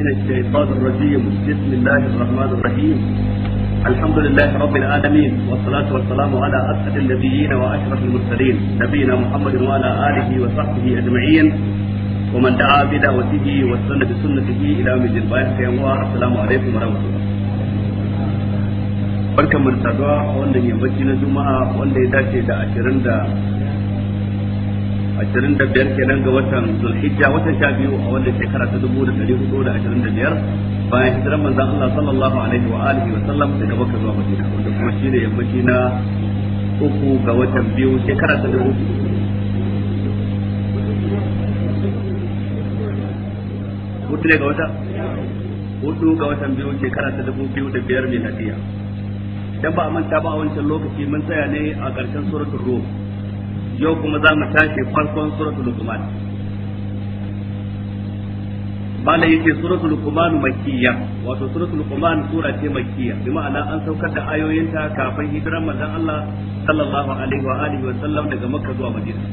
من الشيطان الرجيم بسم الله الرحمن الرحيم الحمد لله رب العالمين والصلاة والسلام على أسعد النبيين وأشرف المرسلين نبينا محمد وعلى آله وصحبه أجمعين ومن دعا بدعوته واستنى بسنته إلى يوم الدين السلام عليكم ورحمة الله barkan mu da saduwa wannan yammaci na juma'a wanda ya dace da ashirin da ashirin da biyar kenan ga watan zulhijja watan sha biyu a wannan shekara ta dubu da dari hudu da ashirin da biyar bayan hijiran manzan Allah sallallahu alaihi wa alihi wa sallam daga Makka zuwa Madina wanda kuma shi ne yammaci na uku ga watan biyu shekara ta dubu hudu ne ga wata hudu ga watan biyu shekara ta dubu biyu da biyar miladiya idan ba a manta ba a wancan lokaci mun tsaya ne a ƙarshen suratul rum yau kuma za mu tashi farkon suratul lukman. bala yake suratul lukman makkiya wato suratul lukman sura ce makkiya bi ma'ana an saukar da ayoyinta kafin hijiran manzon Allah sallallahu alaihi wa alihi wa sallam daga makka zuwa madina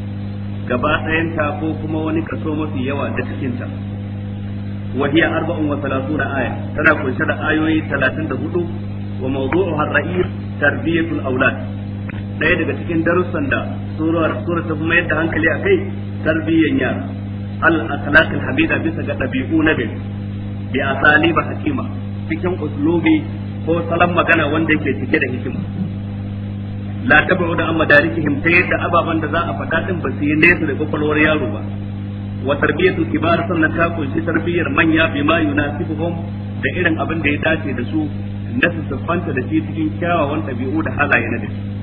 gaba ɗayanta ko kuma wani kaso mafi yawa da cikin ta wa hiya arba'un wa aya tana kunshe da ayoyi 34 wa mawdu'uha ar tarbiyatul aulad ɗaya daga cikin darussan da surar ta ta kuma da hankali a kai tarbiyyan yara al-akhlaq al-habida bisa ga ɗabi'u na bin bi asali hakima cikin uslubi ko salon magana wanda yake cike da hikima la tabu da amma darikihim ta yadda ababan da za a faɗa din ba su yi nesa da kwakwalwar yaro ba wa tarbiyatul kibar sannan ta kunshi tarbiyyar manya bi ma yunasibuhum da irin abin da ya dace da su na su siffanta da shi cikin kyawawan ɗabi'u da halaye na dake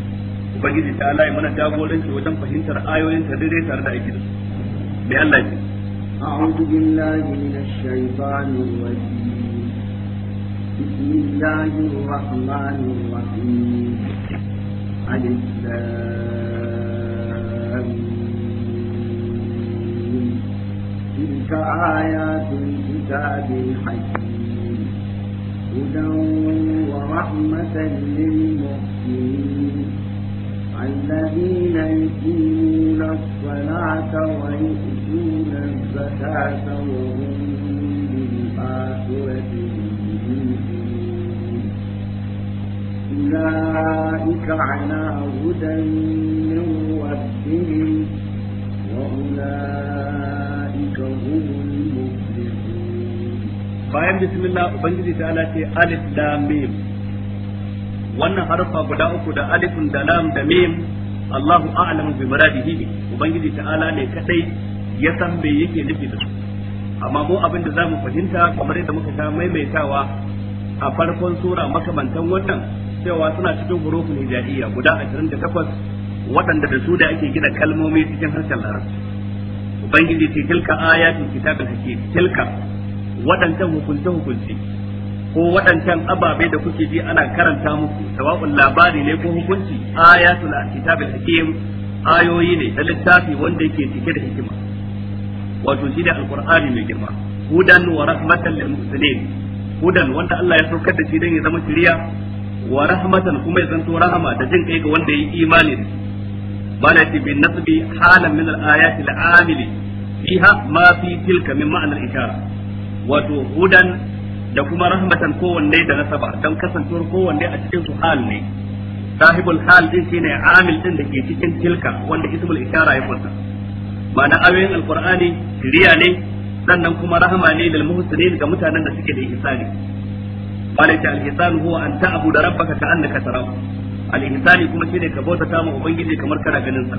ubangiji ta Allah ya mana jagoranci wajen fahimtar ayoyin ta daidai tare da aiki da su mai Allah ya أعوذ بالله من الشيطان الرجيم بسم الله الرحمن الرحيم ألف تلك آيات الكتاب الحكيم هدى ورحمة للمؤمنين الذين يقيمون الصلاة ويؤتون الزكاة وهم بالآخرة أولئك على هدى من ربهم وأولئك هم المفلحون. بسم الله وبنجلس على ala ce wannan harfa guda uku da alifun da lam da mim Allahu a'lamu bi muradihi ubangiji ta'ala ne kadai ya san me yake nufi da su amma mu abin da zamu fahimta kamar yadda muka ta maimaitawa a farkon sura makamantan wannan cewa suna cikin hurufun hijaiya guda 28 waɗanda da su da ake gina kalmomi cikin harshen larabci ubangiji ce tilka ayatul kitabul hakim tilka waɗancan hukunce hukunce ko waɗancan ababe da kuke ji ana karanta muku sawa'un labari ne ko hukunci ayatul kitabil hakim ayoyi ne da littafi wanda yake cike da hikima wato shi da alqur'ani mai girma hudan wa rahmatan lil muslimin hudan wanda Allah ya saukar da shi dan ya zama shiriya wa rahmatan kuma ya zanto rahama da jin kai ga wanda yi imani da bala ti bin nasbi halan min al ayati al amili fiha ma fi tilka min ma'anar ishara wato hudan da kuma rahmatan kowanne da nasaba don kasancewar kowanne a cikin su hal ne sahibul hal din shine amil din da ke cikin tilka wanda ismul ishara ya furta ma'ana ayoyin alqur'ani riya ne sannan kuma rahama ne lil muhsinin ga mutanen da suke da ihsani malaita al-ihsan huwa an ta'budu rabbaka ka'annaka tarahu al kuma shine ka bauta ta mu ubangiji kamar kana ganin sa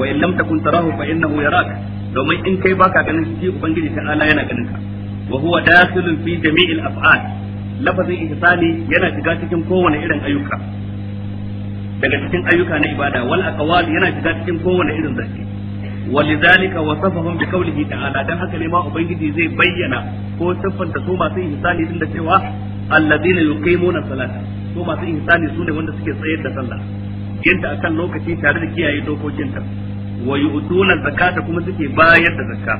wa in lam takun tarahu fa innahu yarak domin in kai baka ganin shi ubangiji ala yana ganin ka wa huwa dakhilun fi jami'il af'al lafazin yana shiga cikin kowane irin ayyuka daga cikin ayyuka na ibada wal aqwal yana shiga cikin kowane irin zance walidhalika wasafahum bi qawlihi ta'ala dan haka ne ma ubangiji zai bayyana ko siffanta su masu ihsani din da cewa alladhina yuqimuna salata su masu ihsani su ne wanda suke tsayar da sallah yadda akan lokaci tare da kiyaye dokokinta wa yu'tuna zakata kuma suke bayar da zakka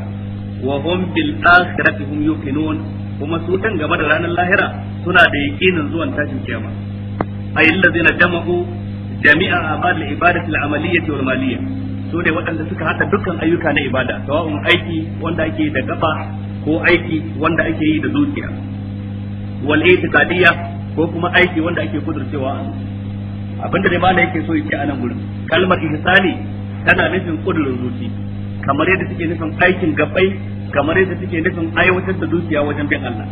wa hum bil akhirati hum yuqinun kuma su gaba da ranar lahira suna da yaqinin zuwan tashin kiyama ayyul ladzina jama'u jami'a amal al ibadati al amaliyyah wal maliyyah su ne waɗanda suka hada dukkan ayyuka na ibada sawa'un aiki wanda ake da gaba ko aiki wanda ake yi da zuciya wal itiqadiyya ko kuma aiki wanda ake kudurcewa abinda dai so yake a nan kalmar tana nufin kudurin zuci kamar yadda suke nufin aikin gabai kamar yadda suke nufin aiwatar da dukiya wajen bin Allah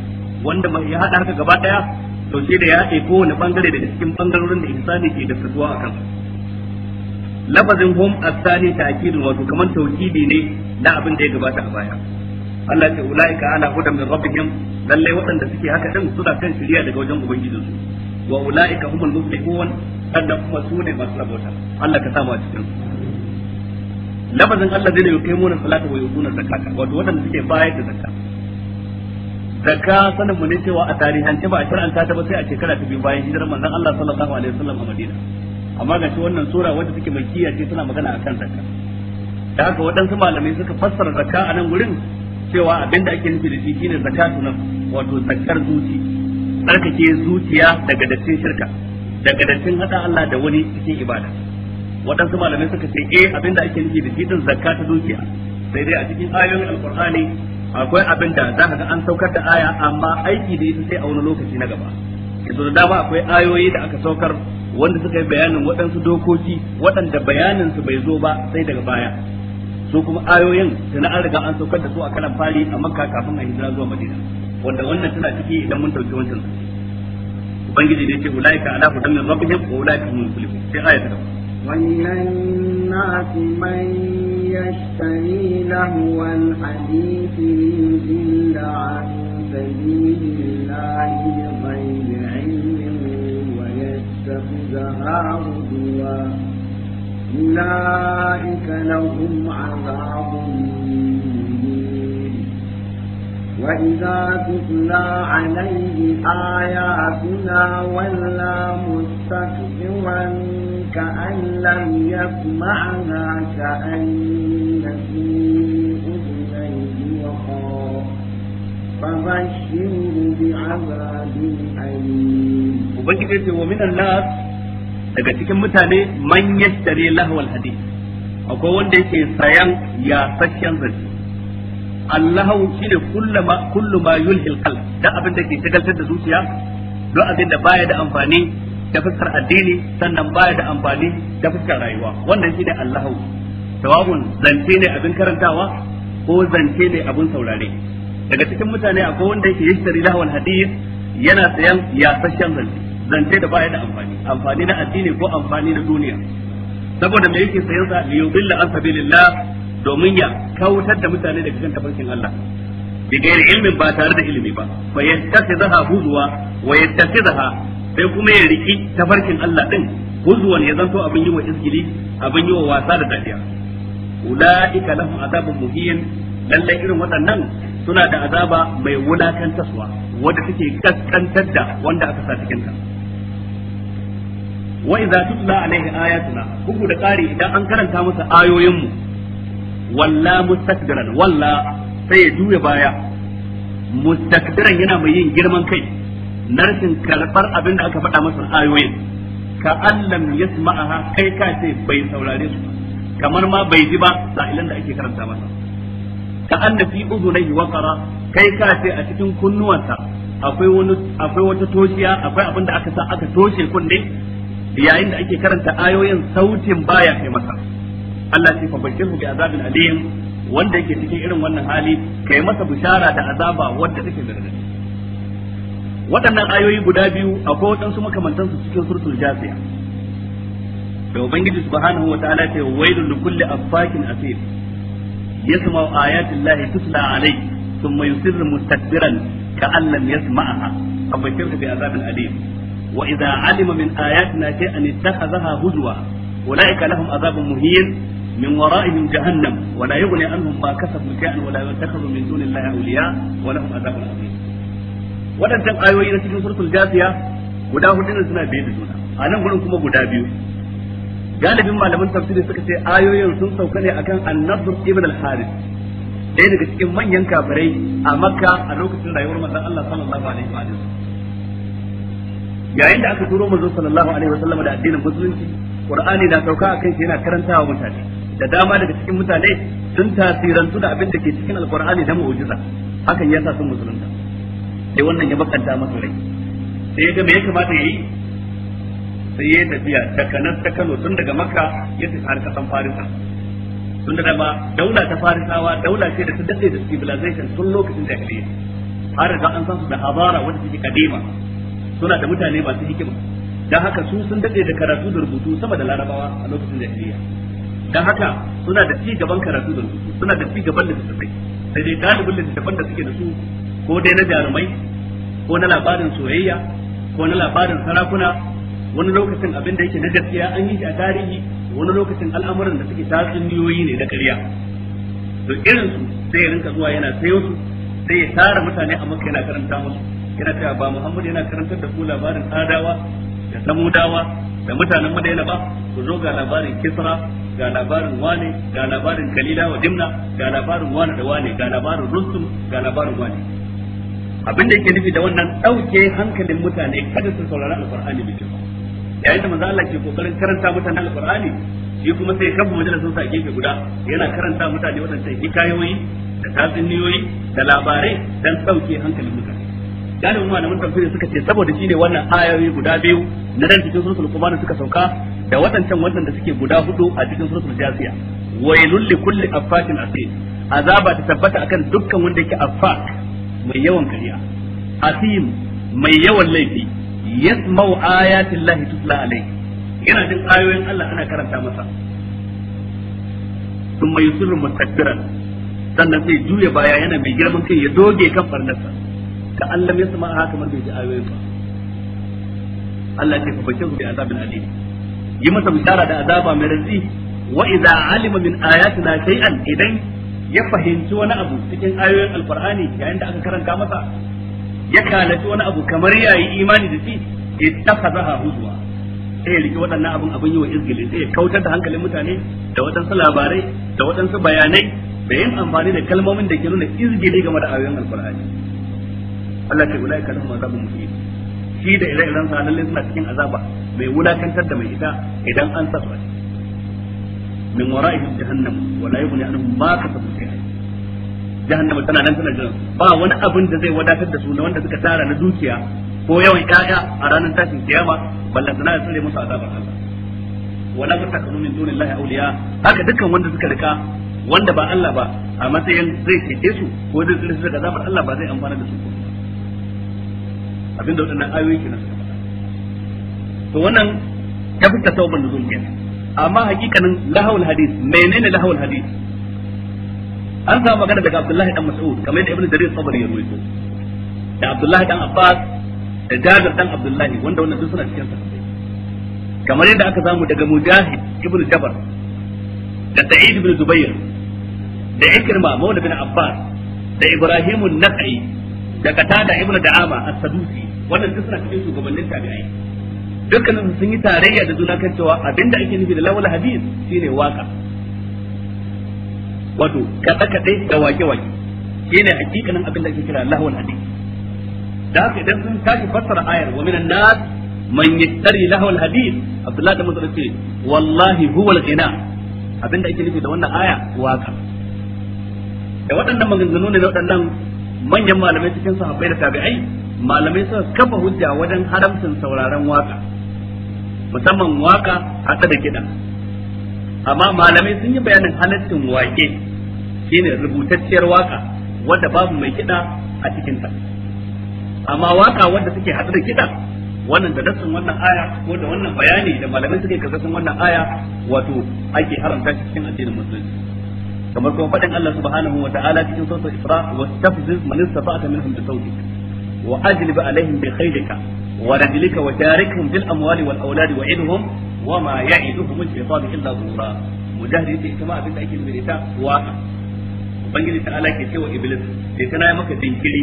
wanda ya hada haka gaba daya to sai da ya ce kowane bangare daga cikin bangarorin da insani ke da fituwa a kan lafazin hum asani ta'kidun wato kamar tauhidi ne na abin da ya gabata a baya Allah ce ulaika ala hudan min rabbihim lalle waɗanda suke haka din suna kan shiriya daga wajen su, wa ulaika humul muflihun kada kuma su ne masu rabota Allah ka sa mu a cikin su lafazin Allah zai yi kaimuna salata wa yuzuna zakata wato wadanda suke bayar da zakka zakka sanin mu cewa a ta ba a shar'anta ta ba sai a shekara ta biyu bayan hijirar manzon Allah sallallahu alaihi wasallam a Madina amma ga shi wannan sura wadda take mai kiyaye tana magana akan zakka da haka waɗansu malamai suka fassara zakka a nan wurin cewa abinda ake nufi da shi shine zakatu nan wato zakkar zuci tsarkake zuciya daga dattin shirka daga dattin hada Allah da wani cikin ibada waɗansu malamai suka ce eh da ake nufi da shi din zakka ta dukiya sai dai a cikin ayoyin alqur'ani akwai abin da za ka ga an saukar da aya amma aiki da ita sai a wani lokaci na gaba yanzu da dama akwai ayoyi da aka saukar wanda suka yi bayanin waɗansu dokoki waɗanda bayanin su bai zo ba sai daga baya su kuma ayoyin da na an riga an saukar da su a kalan fari a makka kafin a hijira zuwa madina wanda wannan tana ciki idan mun dauki wancan ubangiji ne ce ulaika ala hudan min rabbihim wa ulaika hum muflihun sai ayatu ومن الناس من يشتري لهو الحديث ليضل عن سبيل الله بغير علم ويتخذها هدوا أولئك لهم عذاب وإذا تتلى عليه آياتنا ولى مستكبرا كأن لم يسمعها كأن في أذنيه فبشره بعذاب أليم وبجد ومن الناس daga cikin mutane man yashtari lahwal hadith akwai wanda yake sayan yasasshen zance allahu shine kullama kullu ma yulhi alqalb da abin da ke shagaltar da zuciya do abin da baya da amfani da fuskar addini sannan baya da amfani da fuskar rayuwa wannan shine Allahu tawabun zance ne abin karantawa ko zance ne abin saurare daga cikin mutane akwai wanda yake yashtari lahwan hadith yana sayan yasashen zance zance da baya da amfani amfani na addini ko amfani na duniya saboda me yake sayan sa liyubilla an sabilillah domin ya kautar da mutane daga kan tafarkin Allah bi gairi ilmin ba tare da ilimi ba fa yattakhidha huzwa wa yattakhidha sai kuma ya riki tafarkin Allah din huzuwan ya zanto abin yi wa iskili abin yi wa wasa da dafiya ulaika lahum azabun muhin lalle irin waɗannan suna da azaba mai wulakantaswa wanda take kaskantar da wanda aka sa cikin ta wa idza tutla alaihi ayatuna bugu da kare idan an karanta masa ayoyin mu walla mustakbiran walla sai ya juya baya mustakbiran yana mai yin girman kai narkin karbar karɓar abin da aka faɗa masa ayoyin ka allam yasma'aha kai ka ce bai saurare su kamar ma bai ji ba sa'ilan da ake karanta masa ka anna fi udhunayhi wakara, kai ka ce a cikin kunnuwansa akwai wani akwai wata toshiya akwai abin da aka sa aka toshe kunne yayin da ake karanta ayoyin sautin baya kai masa Allah sai fa bashirhu bi azabin alim wanda yake cikin irin wannan hali kai masa bishara da azaba wanda take da waɗannan ayoyi guda biyu akwai waɗansu makamantansu cikin surtul jasiya da ubangiji subhanahu wataala ce wailul li kulli affakin asir yasma'u ayati llahi tutla alayhi thumma yusirru mustakbiran ka'an lam yasma'aha abashirhu bi azabin alim wa idza alima min ayatina shay'an ittakhadhaha huzwa ulaika lahum azabun muhin من ورائهم جهنم ولا يغني عنهم ما كسبوا شيئا ولا يتخذوا من دون الله اولياء ولهم عذاب عظيم waɗancan ayoyi na cikin suratul jasiya guda hudu ne suna biye da juna a nan gurin kuma guda biyu galibin malaman tafsiri suka ce ayoyin sun sauka ne akan annabur ibn al-harith ɗaya daga cikin manyan kafirai a makka a lokacin rayuwar manzon Allah sallallahu alaihi wa sallam yayin da aka turo manzon sallallahu alaihi wa sallam da addinin musulunci qur'ani na sauka akan shi yana karantawa mutane da dama daga cikin mutane sun tasirantu da abin da ke cikin alqur'ani da mu'jiza hakan yasa sun musulunta sai wannan ya bakanta masa rai sai ya ga me ya kamata ya yi sai ya tafiya ta Kanar ta Kano tun daga Makka ya tafi har kasan Farisa tun da ba daula ta Farisawa daula ce da ta dace da civilization tun lokacin da ya jahiliya har da an san su da habara wanda take kadima suna da mutane masu hikima dan haka su sun dade da karatu da rubutu sama da larabawa a lokacin da jahiliya dan haka suna da ci gaban karatu da rubutu suna da ci gaban da su sai dai galibin littattafan da suke da su ko dai na jarumai ko na labarin soyayya ko na labarin sarakuna wani lokacin abin da yake na gaskiya an yi shi a tarihi wani lokacin al'amuran da suke tatsuniyoyi ne na ƙarya to irin su sai ya rinka zuwa yana sayo su sai ya tara mutane a maka yana karanta musu yana cewa ba Muhammad yana karantar da ku labarin adawa da samudawa da mutanen madaina ba ku zo ga labarin kisra ga labarin wane ga labarin kalila wa dimna ga labarin wane da wane ga labarin rustum ga labarin wane abin da yake nufi da wannan dauke hankalin mutane kada su saurari alqur'ani bi kyau yayin da manzo Allah ke kokarin karanta mutane alqur'ani shi kuma sai kafa majalisun sa a gefe guda yana karanta mutane wadannan hikayoyi da tasinniyoyi da labarai dan dauke hankalin mutane galibin malaman tafsiri suka ce saboda shine wannan ayoyi guda biyu na dan cikin suratul qur'ani suka sauka da wadancan da suke guda hudu a cikin suratul jasiya wailul likulli affakin asid azaba ta tabbata akan dukkan wanda yake affak mai yawan kariya asim mai yawan laifi yasma'u ayatin lahi tutla yana jin ayoyin Allah ana karanta masa sun mai yusur mustakbiran sannan sai juya baya yana mai girman kai ya doge kan farnarsa ka Allah ya sama haka kamar bai ji ayoyin ba Allah ya fa bakin bi azabin alim yi masa bishara da azaba mai razi wa idza alima min ayatina shay'an idan ya fahimci wani abu cikin ayoyin alqur'ani yayin da aka karanta masa ya kalaci wani abu kamar ya yi imani da shi ya a huzuwa sai ya rike waɗannan abin abin yi wa izgili sai ya kautar da hankalin mutane da waɗansu labarai da waɗansu bayanai da yin amfani da kalmomin da ke nuna izgili game da ayoyin alqur'ani Allah ta ulai ma zaɓin muhim shi da ire-iren sa suna cikin azaba mai wulakantar da mai ita idan an sa su a ciki min wara'ihim jahannam wa la yughni anhum ma kasabu shay'an jahannama tana nan tana jiran ba wani abin da zai wadatar da su na wanda suka tara na dukiya ko yawan ƴaƴa a ranar tashin kiyama ballantana ya tsare musu azabar Allah wala tatakunu min dunillahi awliya haka dukkan wanda suka rika wanda ba Allah ba a matsayin zai cece su ko zai tsare su daga azabar Allah ba zai amfana da su Abin da waɗannan ayoyi ke na suka faɗa to wannan ta fuskar tauban nuzul kenan amma hakikanin lahawul hadis menene lahawul hadis an samu magana daga Abdullahi dan Mas'ud kamar yadda Ibn Jarir Sabari ya ruwaito da Abdullahi dan Abbas da Jabir dan Abdullahi wanda wannan duk suna cikin sa kamar yadda aka samu daga Mujahid Ibn Jabr da Sa'id Ibn Zubair da Ikrimah Mawlana bin Abbas da Ibrahim an da Qatada Ibn Da'ama as-Sadusi wannan duk suna cikin shugabannin tabi'ai dukkanin sun yi tarayya da juna kan cewa abinda ake nufi da lawal hadis shine waka wato kada kadai da wake wake shine hakikanin abin da ake kira lahwal hadis da haka idan sun tashi fassara ayar wa minan nas man yattari lahwal hadis Abdullahi da mutum ce wallahi huwa al-ghina abin ake nufi da wannan aya waka da waɗannan maganganu ne da waɗannan manyan malamai cikin sahabbai da tabi'ai malamai suka kafa hujja wajen haramcin sauraron waka musamman waka haɗe da kiɗa amma malamai sun yi bayanin halaccin waƙe shine rubutacciyar waka wadda babu mai kiɗa a cikinta amma waka wadda suke haɗe da kiɗa wannan da dassin wannan aya ko da wannan bayani da malamai suke karkashin wannan aya wato ake haramta cikin addinin musulunci kamar kuma faɗin Allah subhanahu wa ta'ala cikin sura Isra wa tafziz man istata minhum bi sawtik wa ajlib alaihim bi khaylika ورجلك وشاركهم في الأموال والأولاد وعدهم وما يعدهم الشيطان إلا غرورا مجاهد يتي كما أبن أكل من واقع ubangiji ta ala ke cewa iblis sai tana yi maka jinkiri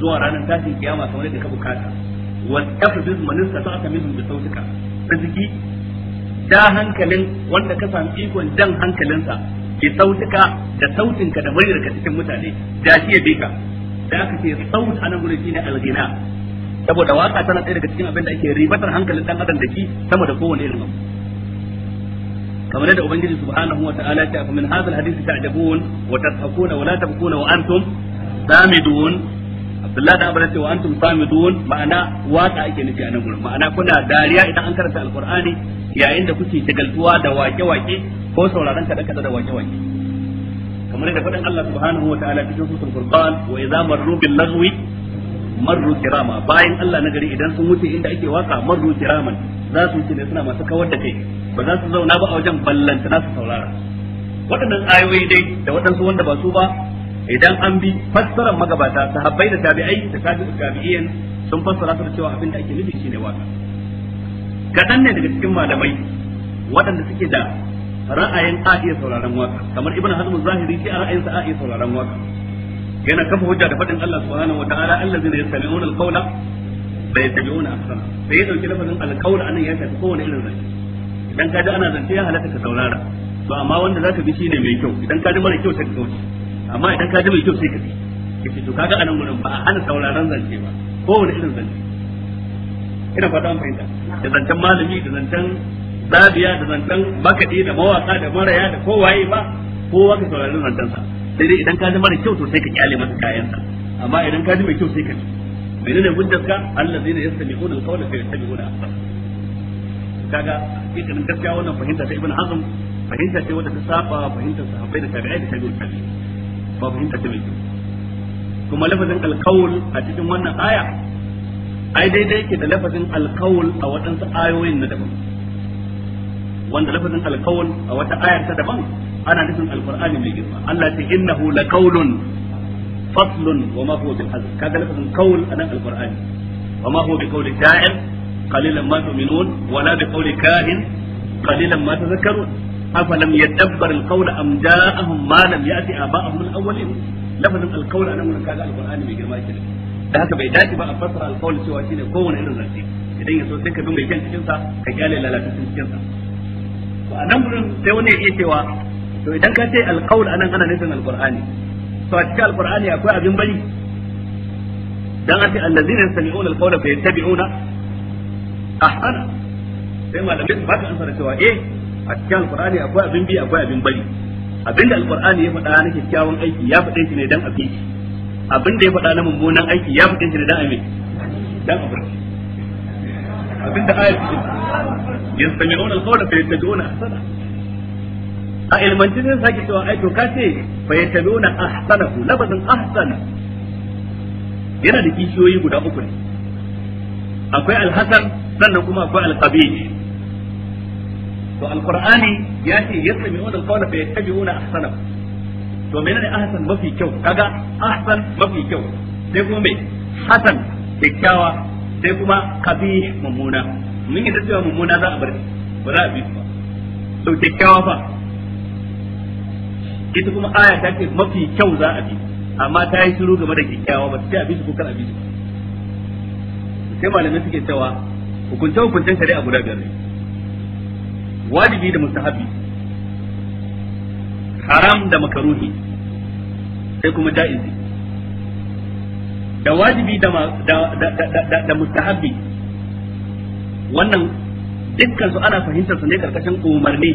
zuwa ranar tashin kiyama kamar da ka bukata wa tafsiz manista ta da sautuka hankalin wanda ka samu ikon jan hankalinsa ke sautuka da sautinka da muryarka cikin mutane da shi ya bika da aka ce saut anan gurin shine alghina saboda waka tana ɗaya daga cikin abin da ake ribatar hankalin dan adam da shi sama da kowane irin abu kamar yadda ubangiji subhanahu wa ta'ala ta fa min hadha alhadith ta'jabun wa tadhakuna wa la tabkuna wa antum samidun Abdullahi da Abdullah wa antum samidun ma'ana waka ake nufi anan gurin ma'ana kuna dariya idan an karanta alqur'ani yayin da kuke tagaltuwa da wake-wake ko sauraron kada-kada da wake-wake kamar yadda faɗin Allah subhanahu wa ta'ala cikin suratul furqan wa idza marru bil lagwi marru kirama bayan Allah na gari idan sun wuce inda ake waka marru kiraman za su wuce ne suna masu kawar da kai ba za su zauna ba a wajen ballanta na su saurara waɗannan ayoyi dai da waɗansu wanda ba su ba idan an bi fassarar magabata sahabbai da tabi'ai da tabi'iyan sun fassara su da cewa abin da ake nufi shine waka kaɗan ne daga cikin malamai waɗanda suke da ra'ayin a iya sauraron waka kamar ibn hazm zahiri shi a ra'ayinsa a iya sauraron waka yana kafa hujja da fadin Allah subhanahu wa ta'ala allazina yastami'una al-qawla fa yattabi'una ahsana sai ya dauki lafazin al-qawla anan ya tafi kowane irin zance idan ka ji ana zance ya halaka ka saurara to amma wanda zaka bi shine mai kyau idan ka ji mara kyau sai ka kauce amma idan ka ji mai kyau sai ka bi kace to kaga anan gurin ba a hana sauraron zance ba kowane irin zance ina fata an fahimta da zancen malami da zancen zabiya da zancen bakaɗi da mawaka da maraya da kowaye ba kowa ka saurari zancensa sai dai idan ka ji mara kyau to sai ka kyale masa kayansa amma idan ka ji mai kyau sai ka mai menene hujjar ka kawai da kai fa yattabi'una ahsana kaga nan gaskiya wannan fahimta ta ibn hazm fahimta ce wadda ta saba fahimtar sahabbai da tabi'ai da tabi'ul tabi ba fahimta ta mai kyau kuma lafazin alqawl a cikin wannan aya ai daidai yake da lafazin alqawl a waɗansu ayoyin na daban wanda lafazin alqawl a wata ayar ta daban ana nufin alqur'ani mai girma Allah ya ce innahu laqawlun faslun wa ma huwa bilhazl kaga lafazin qawl anan alqur'ani wa ma huwa biqawli sha'ir qalilan ma tu'minun wa la biqawli kahin qalilan ma tadhakkarun afalam yadabbar alqawl am ja'ahum ma lam ya'ti aba'ahum alawwalin lafazin alqawl anan kaga alqur'ani mai girma kenan da haka bai dace ba a fassara alqawl cewa shine kowane irin zance idan ya so sai ka bi mai kyan cikin sa ka kyale lalatacin cikin sa to anan gurin sai wani ya iya cewa to idan ka ce alqaul anan ana nufin alqur'ani to a cikin alqur'ani akwai abin bari dan ati allazina yastami'una alqawla fa yattabi'una ahsana sai malamai ba ta ansar cewa eh a cikin alqur'ani akwai abin bi akwai abin bari abinda alqur'ani ya faɗa na kyakkyawan aiki ya faɗe shi ne dan abin shi abinda ya faɗa na mummunan aiki ya faɗe shi ne dan abin dan abin abinda ayat yastami'una alqawla fa yattabi'una ahsana a ilmanci zai sake cewa ai to ka ce fa yataluna ahsanahu labazin ahsana yana da kishiyoyi guda uku ne akwai alhasan sannan kuma akwai alqabih to alqur'ani ya ce yasmi'una alqawla fa yattabi'una ku. to menene ahsan mafi kyau kaga ahsan mafi kyau sai kuma mai hasan kyakkyawa sai kuma qabih mummuna mun yi cewa mummuna za a bar ba za a bi ba to kyakkyawa fa ita kuma aya ta ce mafi kyau za a bi amma ta yi shiru game da kyakkyawa ba ta ce a bi su ko kar a bi su sai malamai suke cewa hukunce hukuncen shari'a guda biyar ne wajibi da mustahabi haram da makaruhi sai kuma ja'izi da wajibi da da mustahabi wannan dukkan su ana fahimtar su ne karkashin umarni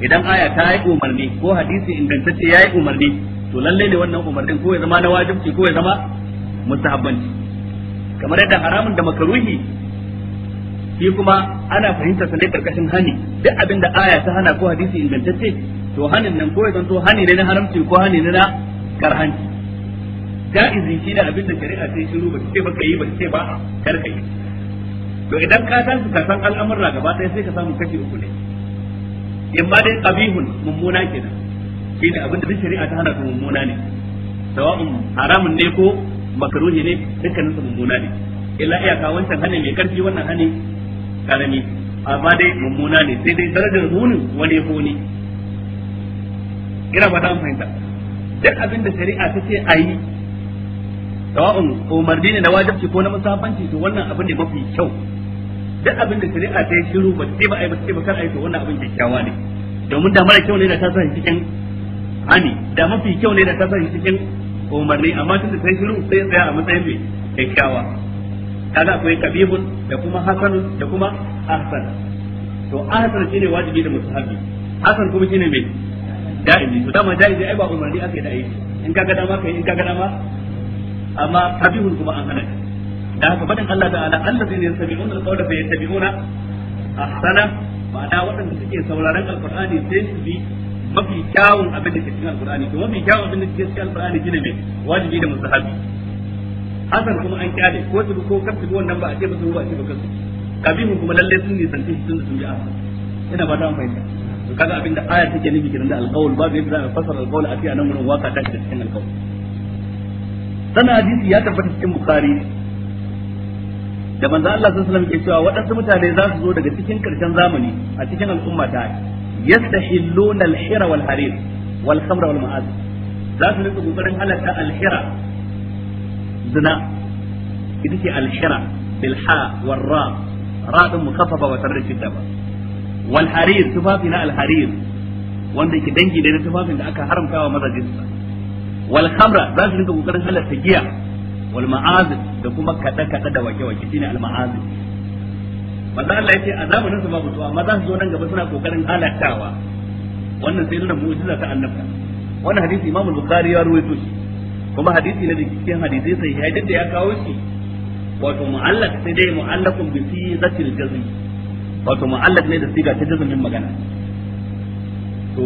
idan aya ta yi umarni ko hadisi ingantacce ya yi umarni to lalle ne wannan umarnin ko ya zama na wajibci ko ya zama mustahabbanci kamar yadda haramun da makaruhi shi kuma ana fahimtar sa ne karkashin hani duk abin da aya ta hana ko hadisi ingantacce to hanin nan ko ya zanto hani ne na haramci ko hani ne na karhanci ja'izi shi ne abin da shari'a ta yi shiru ba ce ba ka yi ba ce ba a karkai. to idan ka san ka san al'amurra gaba ɗaya sai ka samu kashi uku ne in ba dai qabihun mummuna kenan ne abin da shari'a ta hana su mummuna ne sawa'un haramun ne ko makruhi ne dukkanin su mummuna ne illa iyaka wancan hanin mai karfi wannan hanin karami amma dai mummuna ne sai dai darajar munin wani ko ne ina fata an fahimta duk abin da shari'a ta ce a yi sawa'un umarni ne na wajibci ko na musabanci to wannan abin ne mafi kyau duk abin da shari'a ta yi shiru ba sai ba a yi ba sai ba kar a yi to wannan abin kyakkyawa ne domin da mara kyau ne da ta sa cikin hani da mafi kyau ne da ta sa cikin umarni amma tun da yi shiru sai tsaya a matsayin mai kyakkyawa kaga akwai kabibun da kuma hasan da kuma ahsan to ahsan shine wajibi da musahabi hasan kuma shine mai da'imi to dama da'imi ai ba umarni aka yi da aiki in kaga dama kai in kaga dama amma kabihun kuma an hana da haka fadin Allah ta'ala allazi ne yasabi'una alqawla fa yattabi'una ahsana ma'ana waɗanda suke sauraron alqur'ani sai su bi mafi kyawun abin da ke cikin alqur'ani to mafi kyawun abin da ke cikin alqur'ani shine me wajibi da mustahabi hasan kuma an kyale ko su ko kar su wannan ba a ce ba su ba a ce ba kansu kabihu kuma lalle sun nisanci sun sun yi ahsan ina ba ta fahimta to kaga abin da aya take nufi kiran da alqawl babu yadda za a fasara alqawl a ce anan gurin waka ta cikin alqawl sana hadisi ya tabbata cikin bukhari da manzo Allah sallallahu alaihi wasallam ke cewa waɗansu mutane za su zo daga cikin karshen zamani a cikin al'umma ta yastahilluna al-hira wal harir wal khamra wal ma'az za su rinka kokarin halatta al-hira zina ita ce al-hira bil ha wal ra ra din mukaffafa wa tarri shidda ba wal harir tufafi na al-harir wanda yake dangi da tufafin da aka haramta wa mazajinsa wal khamra za su rinka kokarin halatta giya wal da kuma kada kada da wake wake shine al ma'azin manzo Allah yace a zamanin su babu su amma za su zo nan gaba suna kokarin halattawa wannan sai nuna mu'jiza ta annabta wannan hadisi Imam Bukhari ya rawaito shi kuma hadisi ne da cikin hadisi sai ya da ya kawo shi wato mu'allaq sai dai mu'allaqun bi sigatil jazm wato mu'allaq ne da siga ta jazmin magana to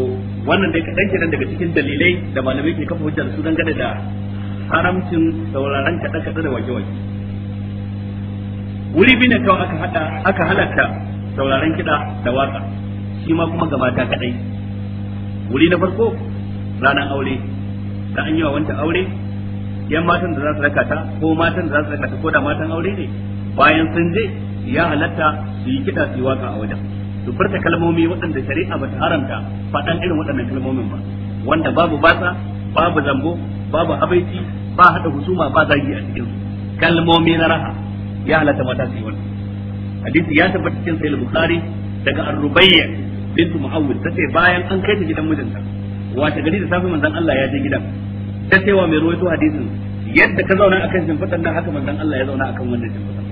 wannan dai kadan kenan daga cikin dalilai da malamai ke kafa hujjar su dangane da haramcin sauraron kaɗe kaɗa da wake-wake wuri bi ne kawai aka hada aka halatta sauraron kiɗa da waka shi ma kuma gabata kaɗai wuri na farko ranar aure da an yi wa wancan aure yan matan da za su rakata ko matan da za su rakata ko da matan aure ne bayan sun je ya halatta su yi kiɗa su yi waka a wajen su furta kalmomi waɗanda shari'a ba ta haramta faɗan irin waɗannan kalmomin ba wanda babu basa babu zambo babu abaici ba hada husuma ba zagi a cikin kalmomi na raha ya halatta mata su yi wannan hadisi ya tabbata cikin sayyid bukhari daga ar-rubayya bint muawwid tace bayan an kai ta gidan mijinta wace gari da safi manzon Allah ya je gidan ta ce wa mai ruwaito hadisin yadda ka zauna akan shimfiɗan nan haka manzon Allah ya zauna akan wannan shimfiɗan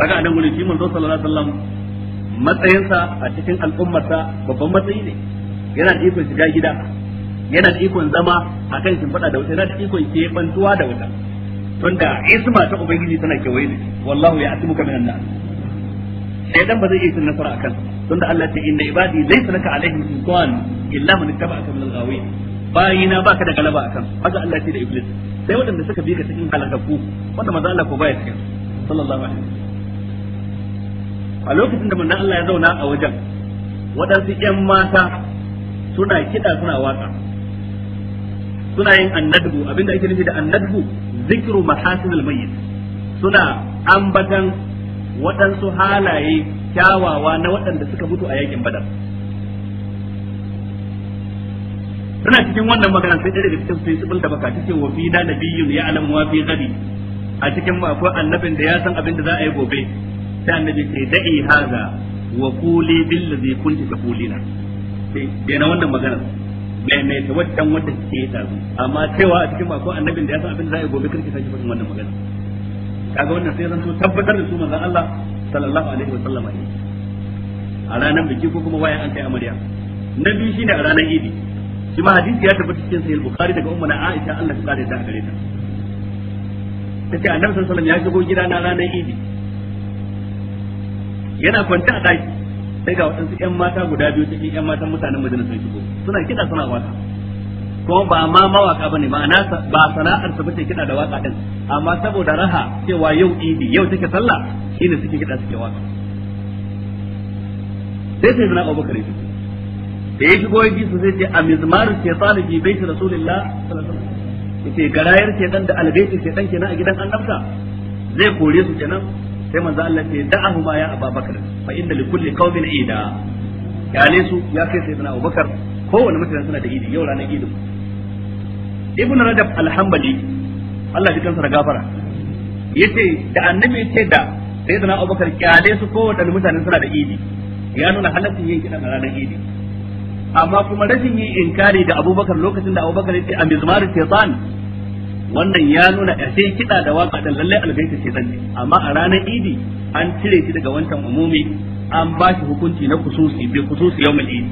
kaga anan wani shi manzo sallallahu alaihi wasallam matsayinsa a cikin al'ummarsa babban matsayi ne yana da ikon shiga gida yana da ikon zama a akan shimfiɗa da wuta yana da ikon bantuwa da wuta tunda isma ta ubangiji tana kewaye ne, wallahu ya asimuka min nas shaytan ba zai iya cin nasara akan tunda Allah ce inna ibadi laysa laka alaihim sultan illa man ittaba'aka min al-ghawi bayina baka da galaba akan haka Allah ce da iblis sai waɗanda suka bi ka cikin halakaku wanda manzo Allah ko baya cikin sallallahu alaihi wasallam a lokacin da manzo Allah ya zauna a wajen waɗansu ƴan mata suna kiɗa suna waka suna yin annadbu abinda ake nufi da annadbu zikru mahasinul mayyit suna ambatan waɗansu halaye kyawawa na waɗanda suka mutu a yakin badar suna cikin wannan magana sai daga cikin sai da baka cikin wa fi da nabiyyun ya alamu wa fi gadi a cikin ma akwai annabin da ya san abin da za a yi gobe sai annabi ce da'i haza wa quli bil ladhi kunti taqulina sai dai wannan magana ta wancan wadda ke yi tazu amma cewa a cikin mako annabin da ya san abin da za a gobe karki sake fadin wannan magana kaga wannan sai zanto tabbatar da su manzon Allah sallallahu alaihi wa sallama ne a ranar biki ko kuma waya an kai amarya na biyu shine a ranar idi shi ma hadisi ya tabbata cikin sahih bukhari daga ummu na aisha Allah ta kare ta gare ta tace annabi sallallahu alaihi wa sallam ya shigo gida na ranar idi yana kwanta a daki sai ga waɗansu ƴan mata guda biyu cikin ƴan matan mutanen Madina sun shigo suna kiɗa suna waka kuma ba ma mawaka bane ma'ana ba sana'ar su bace kiɗa da waka din amma saboda raha cewa yau idi yau take sallah shine suke kiɗa suke waka sai sai zana Abu Bakar da ya shigo yaji su sai ce a mizmar shaytan bi bait rasulillah sallallahu alaihi wasallam yace garayar dan da albaitin shaytan kenan a gidan annabta zai kore su kenan sai manzo Allah ce da'ahuma ya Abubakar fa inna li kulli qaumin ida kyale su ya kai sayyidina Abubakar kowanne mutane suna da idi yau ranar Idi. Ibn Rajab al-Hanbali Allah ya kansa da gafara yace da annabi ce da sayyidina Abubakar kyale su kowanne mutane suna da idi ya nuna halaccin yin kidan ranar idi amma kuma rashin yin inkari da Abubakar lokacin da Abubakar yace amizmar shaitan wannan ya nuna sai kiɗa da waka da lallai algaita ce dan amma a ranar idi an cire shi daga wancan umumi an ba shi hukunci na kususi bai kususi yau mai idi